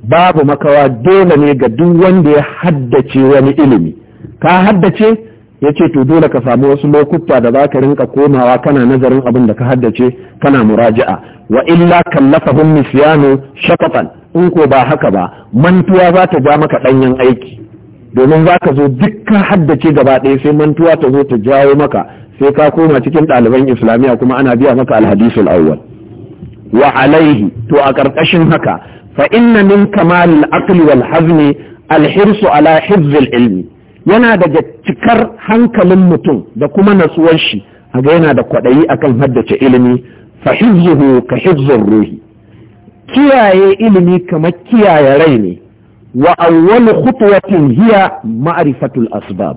babu makawa dole ne ga duk wanda ya haddace wani ilimi ka haddace ya ce to dole ka samu wasu lokuta da za ka rinka komawa kana nazarin abin da ka haddace kana muraja'a wa illa kallafahum nisyanu shaqatan in ko ba haka ba mantuwa za ta ja maka danyen aiki domin za ka zo duk ka haddace gaba ɗaya sai mantuwa ta zo ta jawo maka sai ka koma cikin ɗaliban islamiyya kuma ana biya maka alhadisul awwal wa alaihi to a ƙarƙashin haka fa inna min kamalil aqli wal hazmi alhirsu ala hifzil ilmi yana daga cikar hankalin mutum da kuma natsuwar shi a ga yana da kwaɗayi akan haddace ilimi fa hizzuhu ka hizzur ruhi kiyaye ilimi kamar kiyaye rai ne wa awwalu khutwatin hiya ma'rifatul asbab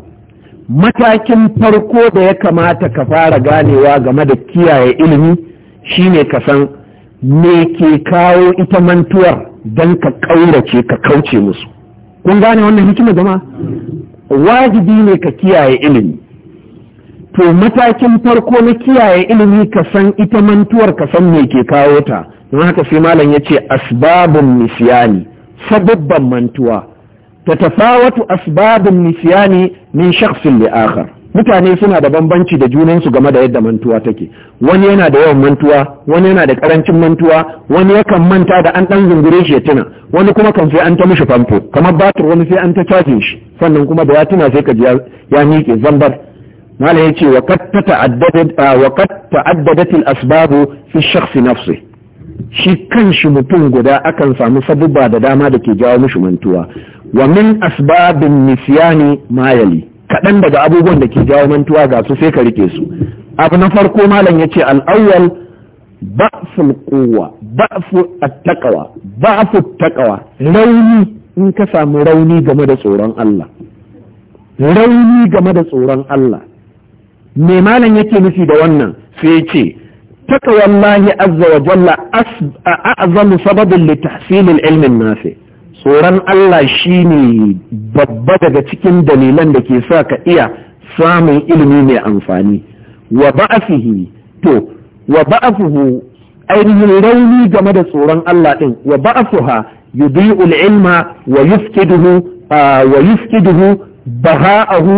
matakin farko da ya kamata ka fara ganewa game da kiyaye ilimi shine ka san me ke kawo ita mantuwar don ka ƙaurace ka kauce musu kun gane wannan hikima zama wajibi ne ka kiyaye ilimi to matakin farko na kiyaye ilimi ka san ita mantuwar ka san me ke kawo ta don haka sai malam ya ce asbabun nisiyani sababban mantuwa ta tafawatu asbabun nisiyani min shakhsin li akhar mutane suna da bambanci da junansu game da yadda mantuwa take wani yana da yawan mantuwa wani yana da karancin mantuwa wani yakan manta da an dan zungure shi ya tuna wani kuma kan sai an ta mishi famfo kamar batir wani sai an ta cajin shi sannan kuma da ya tuna sai ka ji ya miƙe zambar malam ya ce wa qad ta'addadat ah, al-asbab fi shakhs nafsi shi kan shi mutum guda akan samu sabubba da dama da ke jawo mishi mantuwa wa min asbabin nisyani ma yali kaɗan daga abubuwan da ke jawo mantuwa ga su sai ka rike su abu na farko malam ya ce al'awwal ba'ful quwwa ba'fu at-taqwa ba'fu rauni in ka samu rauni game da tsoron Allah rauni game da tsoron Allah me malam yake nufi da wannan sai ya ce taqwallahi azza wa jalla a'zamu sababin li tahsil ilmin ilm nafi tsoron Allah shine babba daga cikin dalilan da ke sa ka iya samun ilimi mai amfani wa ba'afihi to wa ba'afuhu ainihin rauni game da tsoron Allah ɗin wa ba'afuha yudhi'ul ilma wa yufkiduhu wa yufkiduhu baha'ahu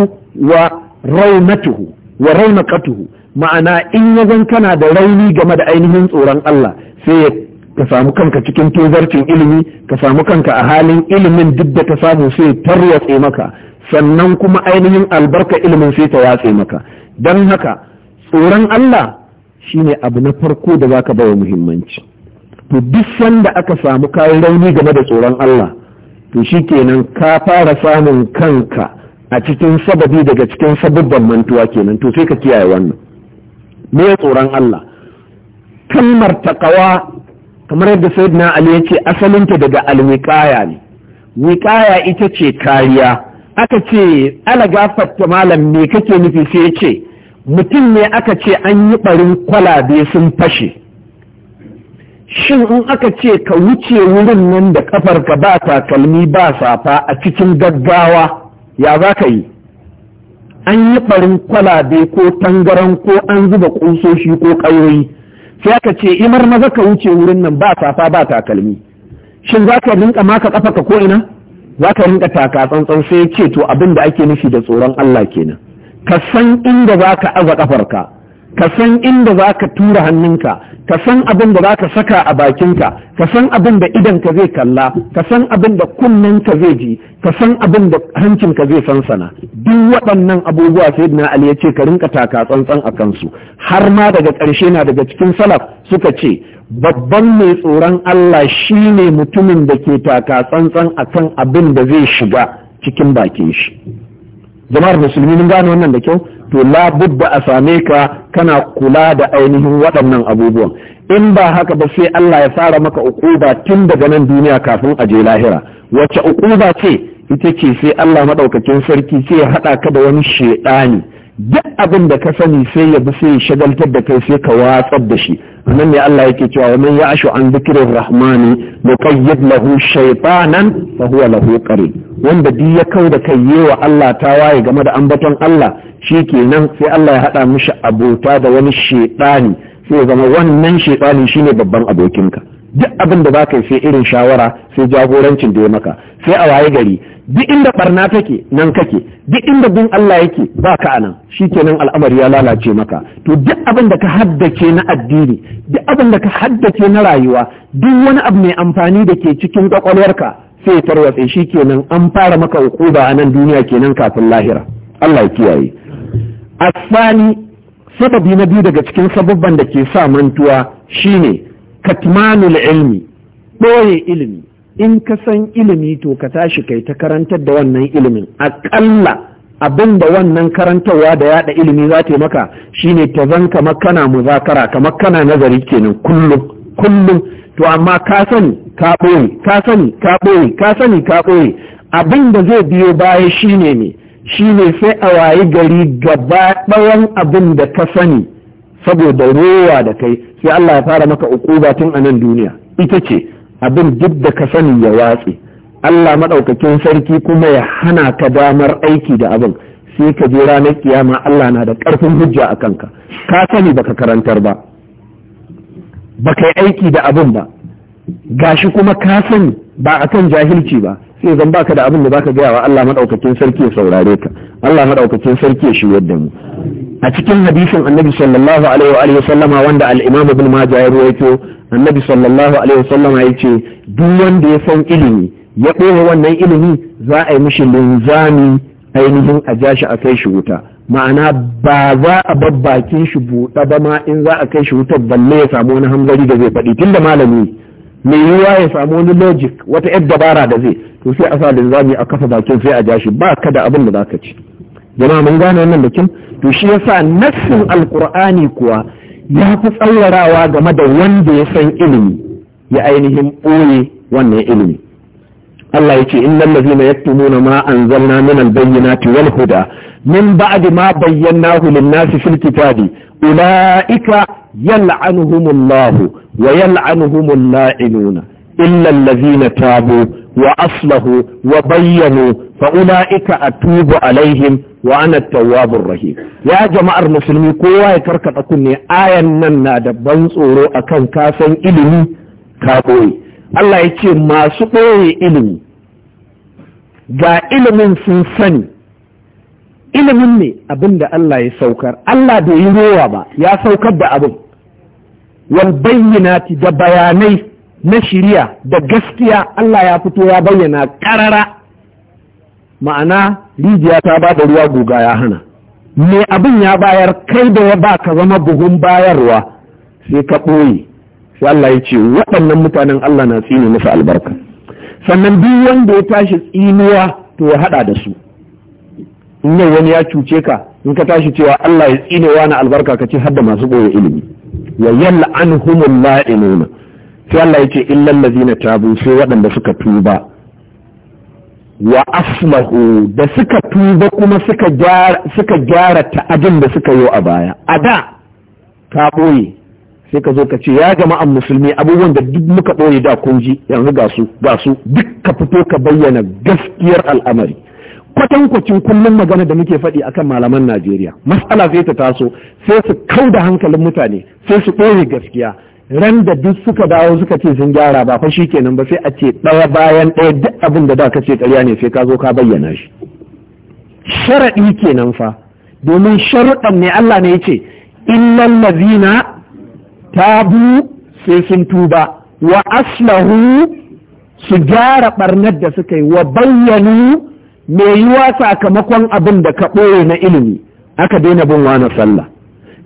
wa raunatuhu wa raunaqatuhu ma'ana in yazan kana da rauni game da ainihin tsoron Allah sai ka samu kanka cikin tozarcin ilimi ka samu kanka a halin ilimin duk da ka samu sai tarwatse maka sannan kuma ainihin albarka ilimin sai ta watse maka don haka tsoron Allah shine abu na farko da za zaka bawa muhimmanci to duk sanda aka samu kayan rauni game da tsoron Allah to kenan ka fara samun kanka a cikin sababi daga cikin sababban mantuwa kenan to sai ka kiyaye wannan me tsoron Allah kalmar takawa kamar yadda sayyidina ali ya ce asalinta daga alwiqaya ne wiqaya ita ce kariya aka ce ala gafarta malam me kake nufi sai yace mutum ne aka ce an yi barin kwalabe sun fashe shin in aka ce ka wuce wurin nan da ka ba takalmi ba safa a cikin gaggawa ya za ka yi an yi barin kwalabe ko tangaran ko an zuba kusoshi ko kayoyi sai aka ce imar maza ka wuce wurin nan ba safa ba takalmi shin za ka rinka maka kafa ka ko'ina za ka rinka taka tsantsan sai ce to abin da ake nufi da tsoron Allah kenan ka san inda za ka aza kafarka ka san inda za ka tura hannunka ka san abin da za ka saka a bakinka ka san abin da idanka zai kalla ka san abin da kunnenka zai ji ka san abin da hancinka zai sansana duk waɗannan abubuwa sai na ali ya ce ka rinka taka tsantsan a kansu har ma daga ƙarshe na daga cikin salaf suka ce babban mai tsoron Allah shine mutumin da ke taka tsantsan kan abin da zai shiga cikin bakin shi jama'ar musulmi mun gane wannan da kyau to labudda a same ka kana kula da ainihin waɗannan abubuwan in ba haka ba sai Allah ya fara maka ukuba tun daga nan duniya kafin a je lahira wacce ukuba ce ita ce sai Allah madaukakin sarki sai ya haɗa ka da wani shedani duk abin da ka sani sai ya bi sai ya shagaltar da kai sai ka watsar da shi nan ne Allah yake cewa wa man ya'shu an zikirin rahmani nuqayyid lahu shaytanan fa huwa lahu qarin wanda duk ya kauda kai yewa Allah ta waye game da ambaton Allah shikenan sai Allah ya hada mishi abota da wani shaytani sai zama wannan shaytani shine babban abokinka duk abin da baka yi sai irin shawara sai jagorancin da ya maka sai a waye gari duk inda barna take nan kake duk inda bin Allah yake ba ka anan shikenan al'amari ya lalace maka to duk abin da ka haddace na addini duk abin da ka haddace na rayuwa duk wani abu mai amfani da ke cikin kwakwalwarka sai ya tarwatse shikenan an fara maka hukuma a nan duniya kenan kafin lahira Allah ya kiyaye asani sababi na biyu daga cikin sababban da ke sa mantuwa shine katmanu ilmi ɓoye ilimi in ka san ilimi to ka tashi kai ta karantar da wannan ilimin aƙalla abin da wannan karantarwa da yada ilimi za ta yi maka shine ta zan kamar kana muzakara kamar kana nazari kenan kullum kullum to amma ka sani ka ɓoye ka sani ka ɓoye ka sani ka ɓoye abin da zai biyo baya shine ne shine sai a wayi gari gaba ɗayan abin da ka sani saboda rowa da kai sai Allah ya fara maka ukuba tun a nan duniya ita ce abin duk da ka sani ya watse Allah maɗaukakin sarki kuma ya hana ka damar aiki da abin sai ka je ranar kiyama Allah na da ƙarfin hujja a kanka ka sani baka karantar ba baka yi aiki da abin ba gashi kuma ka sani ba a kan jahilci ba sai zan baka da abin da baka gaya wa Allah madaukakin sarki ya saurare ka Allah madaukakin sarki ya shiryar da mu a cikin hadisin annabi sallallahu alaihi wa alihi sallama wanda al-imam ibn majah ya rawaito annabi sallallahu alaihi wa sallama yace duk wanda ya san ilimi ya ɓoye wannan ilimi za a yi mishi linzami ainihin a ja shi a kai shi wuta ma'ana ba za a babbakin shi buɗa ba ma in za a kai shi wutar balle ya samu wani hanzari da zai faɗi tun da malami mai yiwuwa ya samu wani logic wata yar dabara da zai to sai a sa linzami a kafa bakin sai a jashi ba ka da abin da za ka ci jama'a mun gane wannan bikin to shi yasa nassin alkur'ani kuwa ya fi tsawarawa game da wanda ya san ilimi ya ainihin ɓoye wannan ilimi Allah ya ce innal ladzina yaktumuna ma anzalna min al-bayyinati wal huda min ba'di ma bayyanahu lin-nasi fil kitabi ulaika yal'anuhumullahu wa yal'anuhumul la'inuna illa allazina tabu wa aslahu wa bayyanu fa ulaika atubu alaihim wa ana at-tawwabur ya jama'ar musulmi kowa ya karkata kunne ayan nan na da ban tsoro akan kasan ilimi ka boye Allah ya ce masu ɓoye ilimi ga ilimin sun sani ilimin ne abin da Allah ya saukar Allah bai yi rowa ba ya saukar da abin wal bayyinati da bayanai na shiriya da gaskiya Allah ya fito ya bayyana karara ma'ana rijiya ta ba da ruwa guga ya hana me abin ya bayar kai da ya ba ka zama buhun bayarwa sai ka ɓoye sai Allah ya ce waɗannan mutanen Allah na tsine masa albarka sannan duk wanda ya tashi tsinuwa to ya haɗa da su in yau wani ya cuce ka in ka tashi cewa Allah ya tsinewa na albarka ka ce har da masu ɓoye ilimi wa yal'anhumul la'inun sai Allah yake illal ladina tabu sai waɗanda suka tuba wa aslahu da suka tuba kuma suka gyara suka gyara ta'adin da suka yi a baya a da ka boye sai ka zo ka ce ya jama'an musulmi abubuwan da duk muka boye da kun ji yanzu ga su ga su duk ka fito ka bayyana gaskiyar al'amari kwatankwacin kullum magana da muke faɗi akan malaman Najeriya matsala sai ta taso sai su kau da hankalin mutane sai su ɓoye gaskiya ran da duk suka dawo suka ce sun gyara ba fa shi kenan ba sai a ce ɗaya bayan ɗaya duk abin da da ka ce ƙarya ne sai ka zo ka bayyana shi sharaɗi kenan fa domin sharuɗan ne Allah ne ya ce illal lazina tabu sai sun tuba wa aslahu su gyara ɓarnar da suka yi wa bayyanu me yiwa sakamakon abin da ka ɓoye na ilimi aka daina bin wani sallah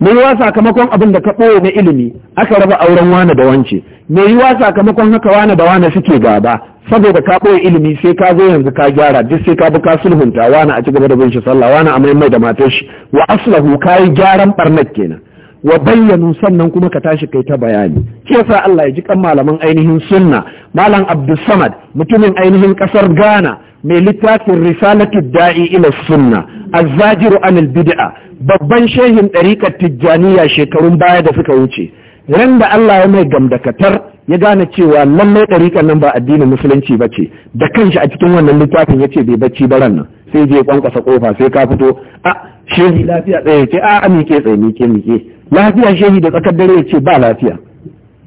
me yiwa sakamakon abin da ka ɓoye na ilimi aka raba auren wani da wance me yiwa sakamakon haka wani da wani suke gaba saboda ka ɓoye ilimi sai ka zo yanzu ka gyara duk sai ka bi ka sulhunta wani a ci gaba da bin shi sallah wani a mai da matar shi wa aslahu ka yi gyaran ɓarnar kenan wa bayyanu sannan kuma ka tashi kai ta bayani ke sa Allah ya ji kan malaman ainihin sunna malam Abdulsamad mutumin ainihin ƙasar Ghana mai littafin risalatu da'i ila sunna azzajiru anil bid'a babban shehin ɗariƙar tijjaniya shekarun baya da suka wuce ran da Allah ya mai gamdakatar ya gane cewa mai ɗariƙar nan ba addinin musulunci ba ce da kanshi a cikin wannan littafin ya ce bai bacci ba nan sai je kwankwasa kofa sai ka fito a shehi lafiya tsaye ce a mike tsaye mike mike lafiya shehi da tsakar dare ya ce ba lafiya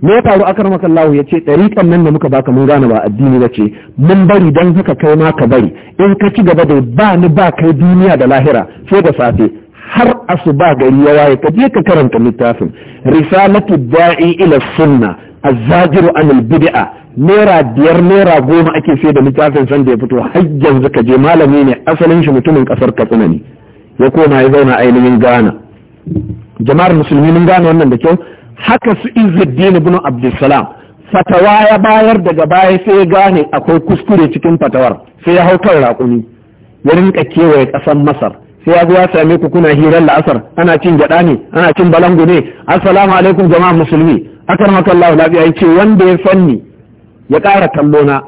me ya faru akar maka Allah ya ce ɗariƙan nan da muka baka mun gane ba addini ba ce mun bari don haka kai ma ka bari in ka ci gaba da ba ni ba kai duniya da lahira sai da safe har asuba gari ya waye ka je ka karanta littafin risalatu da'i ila sunna azzajiru anil bid'a naira biyar naira goma ake sai da littafin san da ya fito har yanzu ka je malami ne asalin shi mutumin kasar katsina ne ya koma ya zauna ainihin gana jama'ar musulmi mun gane wannan da kyau haka su izuddin ibn abdulsalam fatawa ya bayar daga baya sai ya gane akwai kuskure cikin fatawar sai ya hau kan raƙumi ya rinka kewaye ƙasar masar sai ya zuwa same ku kuna hirar la'asar ana cin gyaɗa ne ana cin balangu ne assalamu alaikum jama'a musulmi akan makallahu lafiya ya ce wanda ya sanni ya ƙara kallo na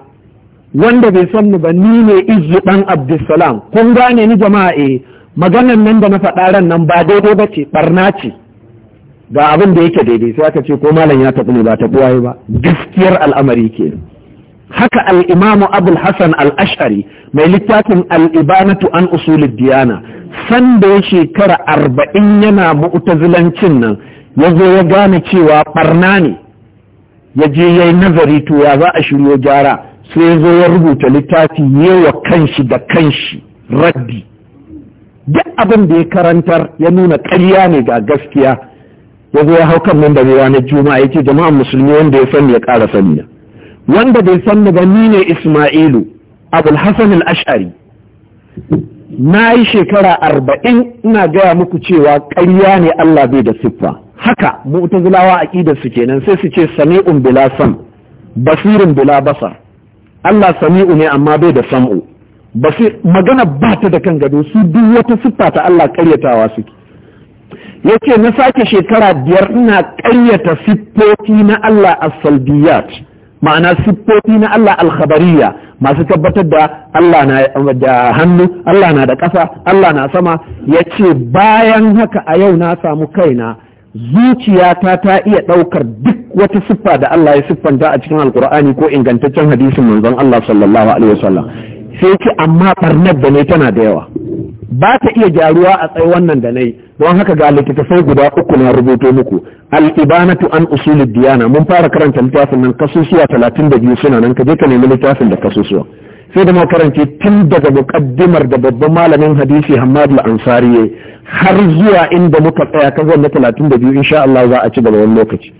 wanda bai sanni ba ni ne izu ɗan abdulsalam kun gane ni jama'a eh maganan nan da na faɗa ran nan ba daidai ba ce ɓarna ce ga abin da yake daidai sai aka ce ko malam ya tafi ne ba ta waye ba gaskiyar al'amari ke haka al-imamu abul hasan al-ashari mai littafin al'ibanatu an usulid diyana san da ya shekara arba'in yana mu'tazilancin nan ya zo ya gane cewa barna ne ya je ya yi nazari to ya za a shiryo gyara sai ya zo ya rubuta littafi yewa kanshi da kanshi raddi duk abin da ya karantar ya nuna ƙarya ne ga gaskiya ya zo ya hau kan bari ranar juma'a yake jama'an musulmi wanda ya sani ya ƙara sani wanda bai sani ba ni ne isma'ilu abul hasan al-ash'ari na yi shekara arba'in ina gaya muku cewa ƙarya ne Allah bai da siffa haka mu'tazilawa aqidar su kenan sai su ce sami'un bila sam basirin bila basar Allah sami'u ne amma bai da sam'u magana ba ta da kan gado su duk wata siffa ta Allah ƙaryatawa suke ya ce na sake shekara biyar ina ƙayyata siffofi na Allah as-salbiyat ma'ana siffofi na Allah al-khabariya masu tabbatar da Allah na da hannu Allah na da ƙasa Allah na sama ya ce bayan haka a yau na samu kaina zuciyata ta iya ɗaukar duk wata siffa da Allah ya siffanta a cikin alkur'ani ko ingantaccen hadisin manzon Allah sallallahu alaihi wasallam sai ce amma barnar da ne tana da yawa ba ta iya gyaruwa a tsaye wannan da na don haka ga littattafai guda uku na rubuto muku al'ibanatu an usulid diyana mun fara karanta littafin nan kasusuwa talatin da biyu suna nan ka je ka nemi littafin da kasusuwa sai da karance tun daga mukaddimar da babban malamin hadisi hamadu ansari har zuwa inda muka tsaya kan na talatin da biyu insha Allah za a ci gaba wani lokaci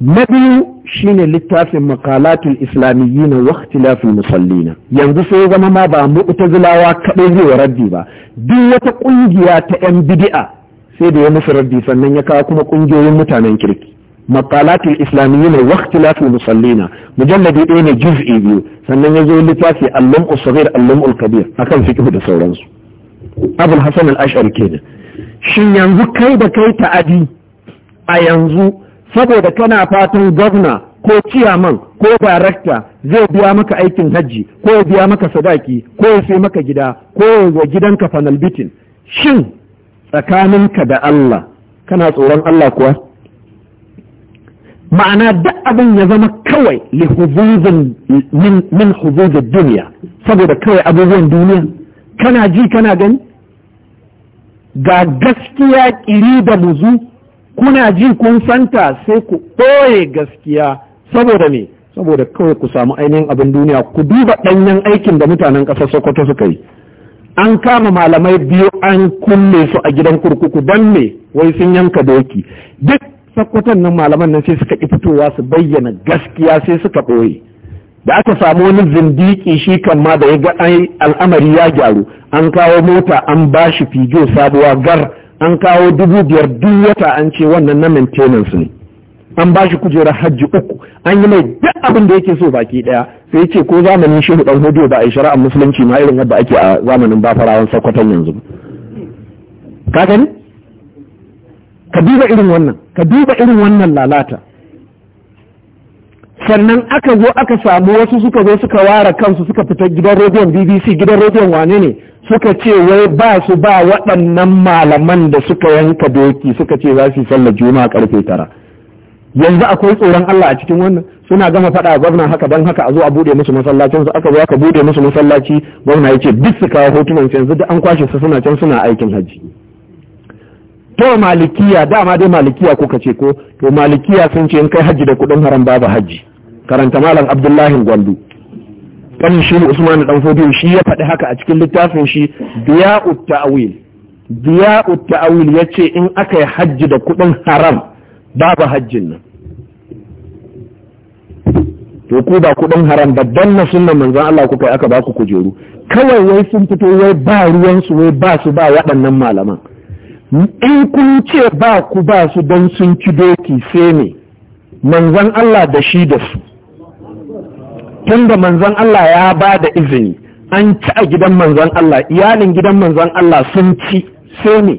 na biyu shine littafin makalatul islamiyyi na waktilafin musallina yanzu sai zama ma ba mu'tazilawa kaɗai zai wa raddi ba duk wata ƙungiya ta 'yan bidi'a sai da ya musu raddi sannan ya kawo kuma ƙungiyoyin mutanen kirki makalatul islamiyyi na lafin musallina mujalladi ɗaya ne juz'i biyu sannan ya zo littafi allum usghir allum ulkabir akan fiqh da sauransu abul hasan al-ash'ari kenan shin yanzu kai da kai ta'adi a yanzu saboda kana fatan gwamna ko ciyaman ko darakta zai biya maka aikin hajji ko ya biya maka sadaki ko ya sai maka gida ko ya gidanka fanal bitin shin tsakaninka da Allah kana tsoron Allah kuwa ma'ana duk abin ya zama kawai li huzuzin min huzuzin duniya saboda kawai abubuwan duniya kana ji kana gani ga gaskiya kiri da muzu kuna ji kun santa sai ku ɓoye gaskiya saboda me saboda kawai ku samu ainihin abin duniya ku duba ɗanyen aikin da mutanen ƙasar sokoto suka yi an kama malamai biyu an kulle su a gidan kurkuku don me wai sun yanka doki duk sakkwaton nan malaman nan sai suka ƙi fitowa su bayyana gaskiya sai suka ɓoye da aka samu wani zindiki shi kan ma da ya ga al'amari ya gyaru an kawo mota an ba shi fijo sabuwa gar an kawo dubu biyar duk wata an ce wannan na maintenance ne an ba shi kujerar hajji uku an yi mai duk abin da yake so baki daya sai ce ko zamanin shehu dan hudu ba a yi shari'ar musulunci ma irin yadda ake a zamanin ba farawan sakwatan yanzu ka gani ka duba irin wannan ka duba irin wannan lalata sannan aka zo aka samu wasu suka zo suka ware kansu suka fita gidan rediyon bbc gidan rediyon wane ne suka ce wai ba su ba waɗannan malaman da suka yanka doki suka ce za su sallar juma'a karfe tara yanzu akwai tsoron Allah a cikin wannan suna gama faɗa gwamna haka don haka a zo a bude musu masallacin su aka zo aka buɗe musu masallaci gwamna ya ce duk su kawo hotunan su yanzu duk an kwashe su suna can suna aikin hajji to malikiya dama dai malikiya kuka ce ko to malikiya sun ce in kai hajji da kuɗin haram babu hajji karanta malam abdullahi gwandu kan shi Usman dan Fodiyo shi ya faɗi haka a cikin littafin shi Diya'ut Ta'wil Diya'ut Ta'wil yace in aka yi hajji da kuɗin haram babu hajjin nan to ku ba kuɗin haram babban na sunnan manzon Allah kuka kai aka ba ku kujeru kawai wai sun fito wai ba ruwan su wai ba su ba waɗannan malaman in kun ce ba ku ba su don sun ci doki sai ne manzon Allah da shi da su tun da manzon Allah ya ba da izini an ci a gidan manzon Allah iyalin gidan manzon Allah sun ci sai ne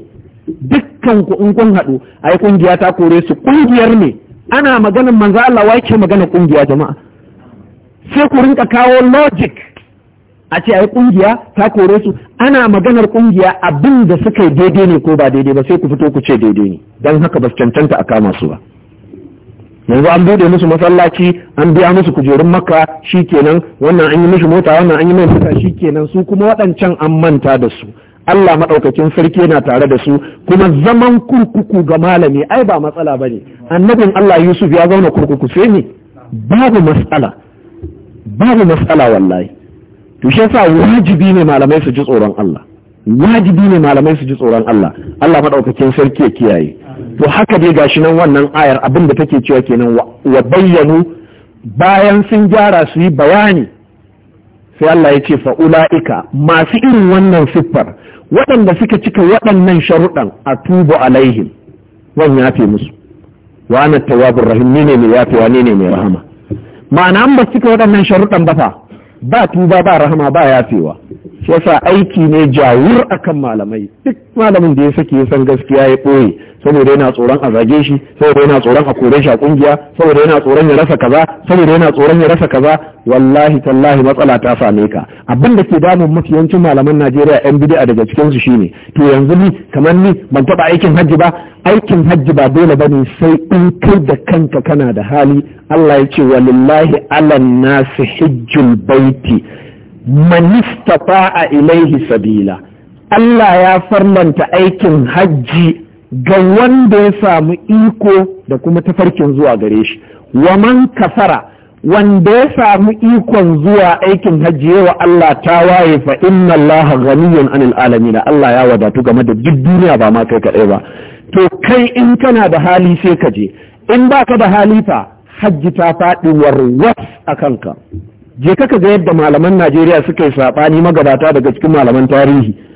dukkan ku in kun haɗu a yi ƙungiya ta kore su ƙungiyar ne ana maganin manzon Allah wa yake magana ƙungiya jama'a sai ku rinka kawo logic a ce a yi ƙungiya ta kore su ana maganar ƙungiya abin da suka yi daidai ne ko ba daidai ba sai ku fito ku ce daidai ne don haka ba su cancanta a kama su ba yanzu an bude musu masallaci an biya musu kujerun makka shikenan wannan an yi mishi mota wannan an yi mai mota shikenan su kuma waɗancan an manta da su Allah maɗaukakin sarki yana tare da su kuma zaman kurkuku ga malami ai ba matsala ba ne annabin Allah Yusuf ya zauna kurkuku sai ne babu matsala babu matsala wallahi to shi yasa wajibi ne malamai su ji tsoron Allah wajibi ne malamai su ji tsoron Allah Allah maɗaukakin sarki ya kiyaye to haka dai gashi nan wannan ayar abin da take cewa kenan wa bayyanu bayan sun gyara su yi bayani sai Allah ya ce fa'ula'ika masu irin wannan siffar waɗanda suka cika waɗannan sharuɗan a tubu alaihim ya yafe musu wa ana tawabur rahim ne ne mai yafewa ne ne mai rahama ma'ana an ba cika waɗannan sharuɗan ba fa ba tuba ba rahama ba yafewa shi yasa aiki ne jawur akan malamai duk malamin da ya saki ya san gaskiya ya ɓoye saboda yana tsoron a zage shi saboda yana tsoron a kore shi a kungiya saboda yana tsoron ya rasa kaza saboda yana tsoron ya rasa kaza wallahi tallahi matsala ta same ka abin da ke damun mafi yancin malaman Najeriya yan bid'a daga cikin su shine to yanzu ni kamar ni ban taɓa aikin hajji ba aikin hajji ba dole bane sai in kai da kanka kana da hali Allah ya ce walillahi alan nasi hijjul baiti man a ilaihi sabila Allah ya farlanta aikin hajji ga wanda ya samu iko da kuma tafarkin zuwa gare shi wa man kafara wanda ya samu ikon zuwa aikin hajji wa Allah ta waye fa inna Allah ghaniyyun anil alamin Allah ya wadatu game da duk duniya ba ma kai kadai ba to kai in kana da hali sai ka je in baka da hali fa hajji ta faɗi warwas a kanka je kaka ga yadda malaman Najeriya suka yi saɓani magabata daga cikin malaman tarihi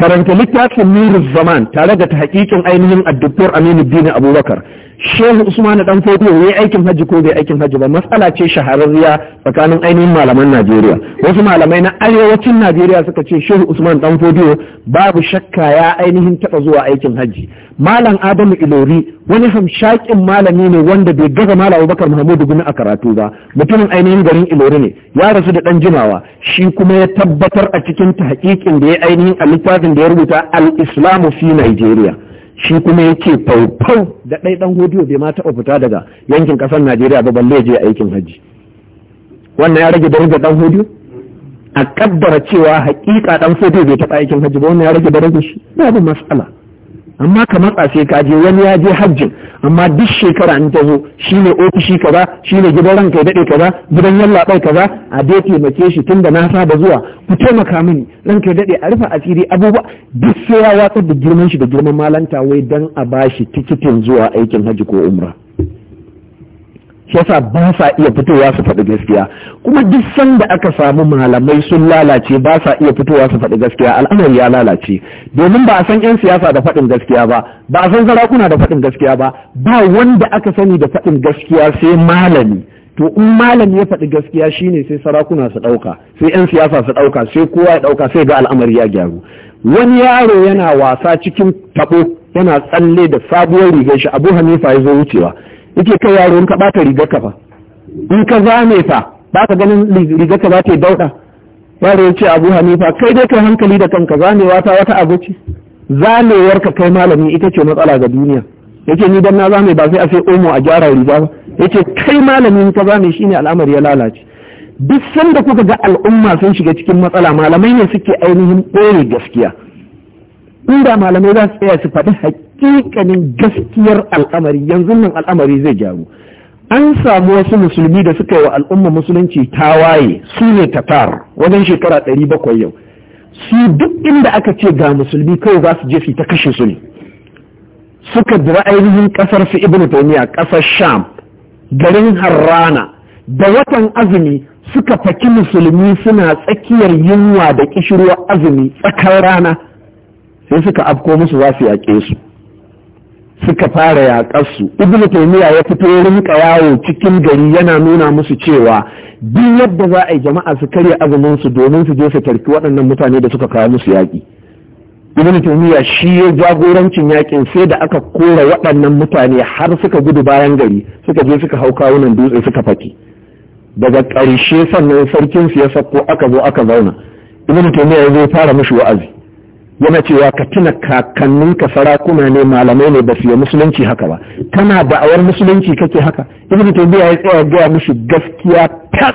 karanta littafin nurul zaman tare da haƙiƙin ainihin addoktor aminu dini abubakar shehu usman dan fodiyo ne aikin haji ko bai aikin haji ba matsala ce shahararriya tsakanin ainihin malaman najeriya wasu malamai na arewacin najeriya suka ce shehu usman dan fodiyo babu shakka ya ainihin taba zuwa aikin haji. malam adamu ilori wani hamshakin malami ne wanda bai gaza malam abubakar muhammadu gumi a karatu ba mutumin ainihin garin ilori ne ya rasu da dan jimawa shi kuma ya tabbatar a cikin tahqiqin da ya ainihin a littafin da ya rubuta al-islamu fi najeriya shi kuma ya ce faufau da ɗai ɗan hodiyo bai ma taɓa fita daga yankin ƙasar najeriya ba balle je aikin hajji wannan ya rage darajar ɗan hudu? a kaddara cewa haƙiƙa ɗan hodiyo bai taɓa aikin hajji ba wannan ya rage darajar shi babu matsala amma ka matsa sai ka je wani ya je hajjin amma duk shekara in ta zo shine ofishi kaza ne gidan ranka daɗe kaza gidan yalla bai kaza a dai taimake shi tunda na saba zuwa ku taimaka mini ranka ya daɗe a rufe asiri abubuwa duk sai ya watsar da girman shi da girman malanta wai dan a bashi tikitin zuwa aikin hajji ko umra yasa ba sa iya fitowa su faɗi gaskiya kuma duk sanda aka samu malamai sun lalace ba sa iya fitowa su faɗi gaskiya al'amari ya lalace domin ba a san 'yan siyasa da faɗin gaskiya ba ba a san sarakuna da faɗin gaskiya ba ba wanda aka sani da faɗin gaskiya sai malami to in malami ya faɗi gaskiya shine sai sarakuna su ɗauka sai 'yan siyasa su ɗauka sai kowa ya ɗauka sai ga al'amari ya gyaru wani yaro yana wasa cikin taɓo yana tsalle da sabuwar rigar shi abu hanifa ya zo wucewa yake kai yaro in ka bata ka fa in ka zame fa ba ka ganin ka ba ta dauɗa yaro ya ce abu hanifa kai dai kai hankali da kanka zamewa ta wata abu ce zamewar ka kai malami ita ce matsala ga duniya yake ni dan na zame ba sai a sai omo a gyara riga ba yace kai malami in ka zame shine al'amari ya lalace duk sanda kuka ga al'umma sun shiga cikin matsala malamai ne suke ainihin ɗore gaskiya inda malamai za su tsaya su faɗi haƙƙi. haƙiƙanin gaskiyar al'amari yanzu nan al'amari zai gyaru an samu wasu musulmi da suka yi wa al'umma musulunci tawaye su ne tatar wajen shekara ɗari bakwai yau su duk inda aka ce ga musulmi kawai za su je su ta kashe su ne suka dira ainihin kasar su ibnu taymiya kasar sham garin harrana da watan azumi suka faki musulmi suna tsakiyar yunwa da kishirwa azumi tsakar rana sai suka afko musu za su yaƙe su suka fara yaƙarsu ibnu taymiya ya fito rinka yawo cikin gari yana nuna musu cewa duk yadda za a yi jama'a su karya azumin su domin su je su tarki waɗannan mutane da suka kawo musu yaƙi ibnu taymiya shi ya jagorancin yaƙin sai da aka kora waɗannan mutane har suka gudu bayan gari suka je suka hau kawunan dutse suka faki daga ƙarshe sannan sarkin su ya sako aka zo aka zauna ibnu taymiya ya zo fara mishi wa'azi yana cewa ka tuna kakannin kakanninka sarakuna ne malamai ne ba su yi musulunci haka ba kana da'awar musulunci kake haka ibn taymiya ya tsaya gaya mushi gaskiya tas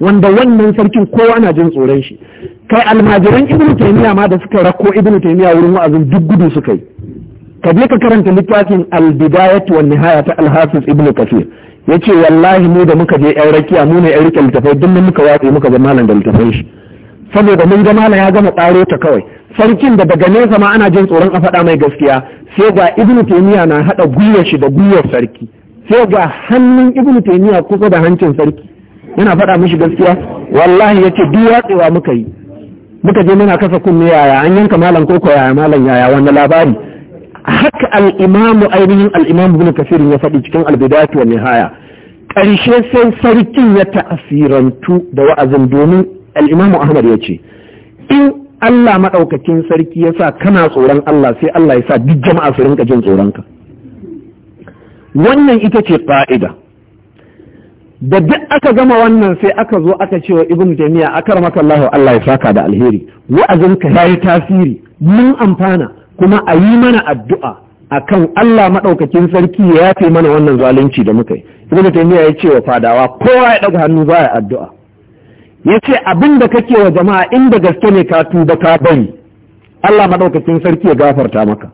wanda wannan sarkin kowa na jin tsoron shi kai almajiran Ibn taymiya ma da suka rako Ibn taymiya wurin wa'azin duk gudu suka yi ka je ka karanta littafin al-bidayat wa nihaya ta al-hafiz ibnu kathir yace wallahi mu da muka je ƴan rakiya mu ne ƴan rike littafai duk muka watsi muka ga malam da littafai shi saboda mun ga malam ya gama tsaro ta kawai sarkin da daga nesa ma ana jin tsoron a faɗa mai gaskiya sai ga ibn taymiya na haɗa gwiwar shi da gwiwar sarki sai ga hannun ibn taymiya kusa da hancin sarki yana faɗa mishi gaskiya wallahi yace duk watsewa muka yi muka je muna kasa kunne yaya an yanka malam koko yaya malam yaya wanda labari haka Al'imamu imam ainihin al-imam ibn ya faɗi cikin al-bidayat wa nihaya ƙarshe sai sarkin ya ta'asirantu da wa'azin domin al ahmad ya ce in Allah maɗaukakin sarki ya sa kana tsoron Allah sai Allah ya sa duk jama'a su rinka jin tsoronka wannan ita ce ƙa'ida da duk aka gama wannan sai aka zo aka ce wa ibn jami'a akar makallahu Allah ya saka da alheri wa'azinka ya yi tasiri mun amfana kuma a yi mana addu'a a kan Allah maɗaukakin sarki ya fi mana wannan zalunci da muka yi ibn jami'a ya ce wa fadawa kowa ya ɗaga hannu za a addu'a ya ce abin da kake wa jama'a inda gaske ne ka tuba ka bari Allah maɗaukakin sarki ya gafarta maka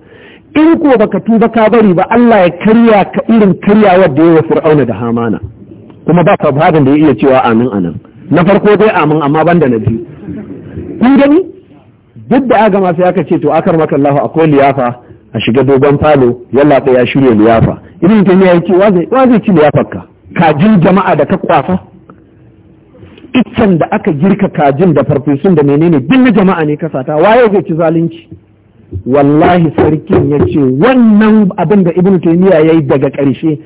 in ko baka tuba ka bari ba Allah ya karya ka irin karyawar da ya wa fir'auna da hamana kuma ba sahabin da ya iya cewa amin anan na farko dai amin amma banda na biyu kun gani duk da aga masu ya ce to akar maka Allah akwai liyafa a shiga dogon falo yalla ya shirya liyafa irin ta ya ce wa zai ci liyafar ka kajin jama'a da ka kwafa iccen da aka girka kajin da farfesun da menene duk na jama'a ne kasata waye zai ci zalunci wallahi sarkin ya ce wannan abin da ibn taymiya ya yi daga ƙarshe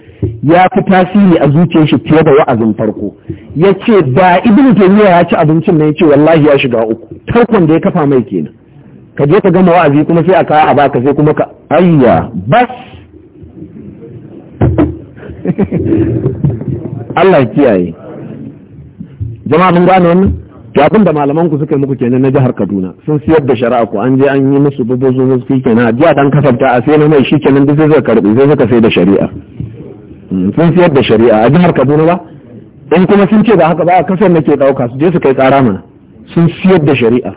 ya fi tasiri a zuciyar shi fiye da wa'azin farko ya ce da ibn taymiya ya ci abincin na ya ce wallahi ya shiga uku tarkon da ya kafa mai kenan ka je ka gama wa'azi kuma sai a kawo a baka sai kuma ka ayya bas Allah kiyaye jama'a mun gane wannan to abin da malaman ku suka yi muku kenan na jihar Kaduna sun siyar da shari'a ku an je an yi musu bubuzu musu ki kenan jiya dan kasafta a sai na mai shi kenan duk sai suka karbi sai suka sai da shari'a hmm, sun siyar da shari'a a jihar Kaduna ba in kuma sun ce ba haka ba kasar nake dauka su je su kai tsara mana sun siyar da shari'a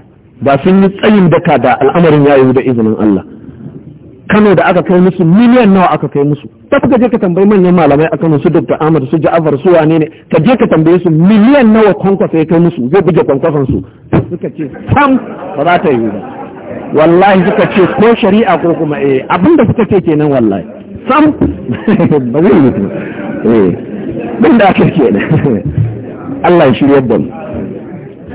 ba sun yi tsayin daka da al'amarin ya da izinin Allah Kano da aka kai musu miliyan nawa aka kai musu ta ka je ka tambayi manyan malamai a Kano su Dr. Ahmad su Ja'far su wane ne ka je ka tambaye su miliyan nawa kwankwasa ya kai musu zai buge kwankwasan su suka ce sam ba za ta yi ba wallahi suka ce ko shari'a ko kuma eh abinda suka ce kenan wallahi sam ba zai yi ba eh da aka ne, Allah ya shirye da mu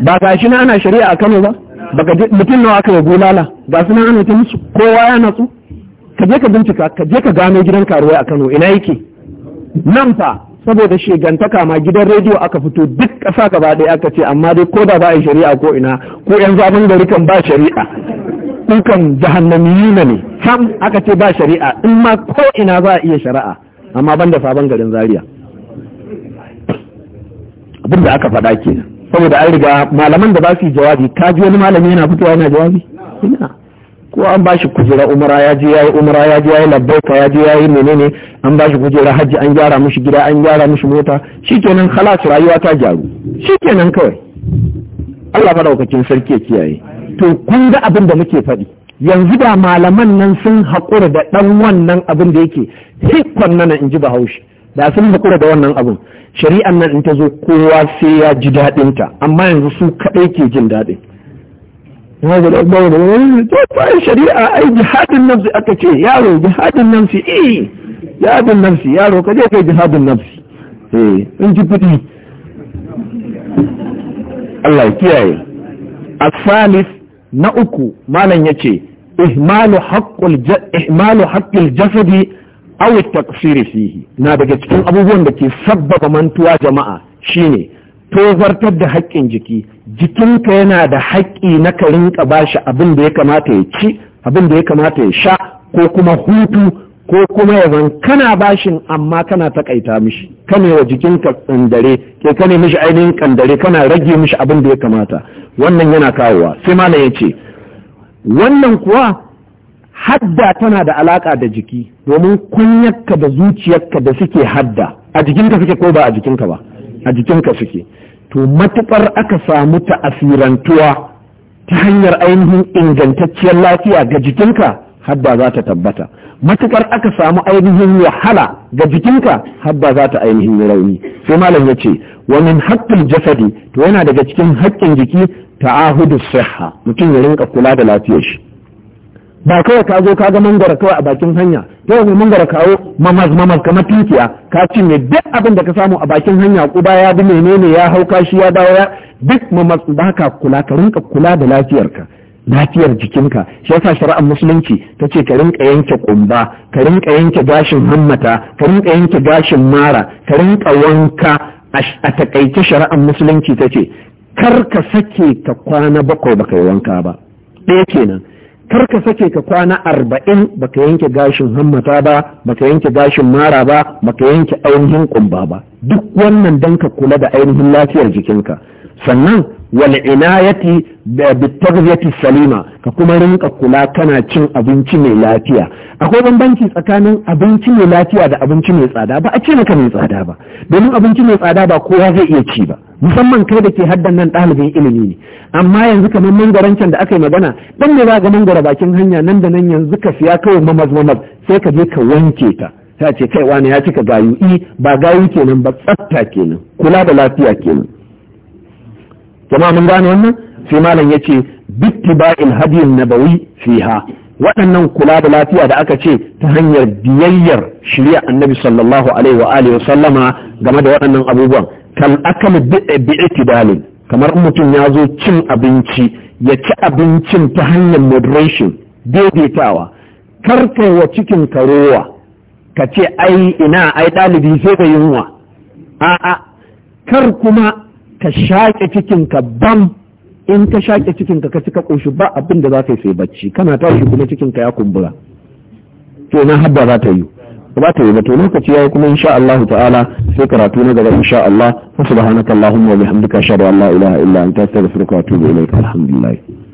ba shi na ana shari'a a Kano ba baka mutum nawa aka yi gulala, ga na ana ta musu kowa ya natsu ka je ka bincika ka je ka gano gidan karuwai a Kano ina yake nan fa saboda shegantaka ma gidan rediyo aka fito duk ƙasa gaba ɗaya aka ce amma dai ko da ba a shari'a ko ina ko yan zaben gari kan ba shari'a dukan jahannamiyu ne sam aka ce ba shari'a in ma ko ina za a iya shari'a amma ban sabon garin zaria abin da aka faɗa kenan saboda an riga malaman da ba su yi jawabi ka ji wani malami yana fitowa yana jawabi ina ko an bashi kujera umara ya je yayi umara ya je yayi labbauta ya je yayi menene an bashi kujera hajji an gyara mishi gida an gyara mishi mota shikenan khalas rayuwa ta gyaru shikenan kawai Allah madaukakin sarki ya kiyaye to kun ga abin da muke faɗi yanzu da malaman nan sun haƙura da ɗan wannan abin da yake hikon nan in ji bahaushe da sun haƙura da wannan abin shari'an nan in ta zo kowa sai ya ji daɗinta amma yanzu su kaɗai ke jin daɗin wanda da ɗan da wani ne shari'a ai jihadin nafsi aka ce yaro jihadin nafsi eh jihadin nafsi yaro ka kai jihadin nafsi eh in Allah ya kiyaye asalis na uku Malam yace ihmalu haqqul ihmalu haqqil jasadi aw at-taqsir fihi daga cikin abubuwan da ke sabbaba mantuwa jama'a shine tozartar da haƙƙin jiki jikinka yana da haƙƙi na ka rinka bashi abin da ya kamata ya ci abin da ya kamata ya sha ko kuma hutu ko kuma yaban kana bashin amma kana takaita mishi kane wa jikinka kandare ke kane mishi ainihin kandare kana rage mishi abin da ya kamata wannan yana kawowa sai mana ya ce wannan kuwa hadda tana da alaƙa da jiki domin kunyarka da zuciyarka da suke hadda a jikinka suke ko ba a jikinka ba a jikinka suke to matukar aka samu ta'asirantuwa ta hanyar ainihin ingantacciyar lafiya ga jikinka hadda za ta tabbata matukar aka samu ainihin wahala ga jikinka hadda za ta ainihin rauni sai malam ya ce wa min haqqil jasadi to yana daga cikin haƙƙin jiki ta'ahudu sihha mutum ya rinka kula da lafiyar shi ba kawai ka zo ka ga mangwara kawai a bakin hanya yau mai mangwara kawo mamaz mamaz kamar titiya ka mai duk abin da ka samu a bakin hanya kuda ya bi menene ya hau kashi ya dawo ya duk mamaz ba ka kula ka rinka kula da lafiyarka lafiyar jikinka shi yasa shari'ar musulunci ta ce ka rinka yanke kumba ka rinka yanke gashin hammata ka rinka yanke gashin mara ka rinka wanka a takaice shari'ar musulunci ta ce kar ka sake ka kwana bakwai baka yi wanka ba ɗaya kenan kar ka sake ka kwana arba'in baka yanke gashin hammata ba baka yanke gashin mara ba baka yanke ainihin kumba ba duk wannan don ka kula da ainihin lafiyar jikinka sannan wal'inayati inayati bitaghiyati salima ka kuma rinka kula kana cin abinci mai lafiya akwai bambanci tsakanin abinci mai lafiya da abinci mai tsada ba a ce maka mai tsada ba domin abinci mai tsada ba kowa zai iya ci ba musamman kai da ke haddan nan ɗalibin ilimi ne amma yanzu kamar mangaren can da aka yi magana dan ne za ga mangara bakin hanya nan da nan yanzu ka siya kawai mamaz mamaz sai ka je ka wanke ta ta ce kai wani ya cika gayu i eh, ba gayu kenan ba tsafta kenan kula da lafiya kenan jama'a mun gane wannan sai malam yace bittiba'il hadiyin nabawi fiha waɗannan kula da lafiya da aka ce ta hanyar biyayyar shirya annabi sallallahu alaihi wa alihi sallama game da waɗannan abubuwan kal akal bi'tidalin kamar mutum ya zo cin abinci ya ci abincin ta hanyar moderation daidaitawa kar ka wa cikin karowa ka ce ai ina ai ɗalibi sai da yunwa a'a kar kuma ka shaƙe cikinka bam in ka shaƙe cikinka ka cika ƙoshi ba abin da za ka yi sai bacci kana tashi kuma cikinka ya kumbura to na habba za ta yi ba ta yi ba to lokaci yayi kuma insha Allah ta'ala sai karatu na gaba insha Allah subhanakallahumma wa bihamdika ashhadu an la ilaha illa anta astaghfiruka wa atubu ilaik alhamdulillah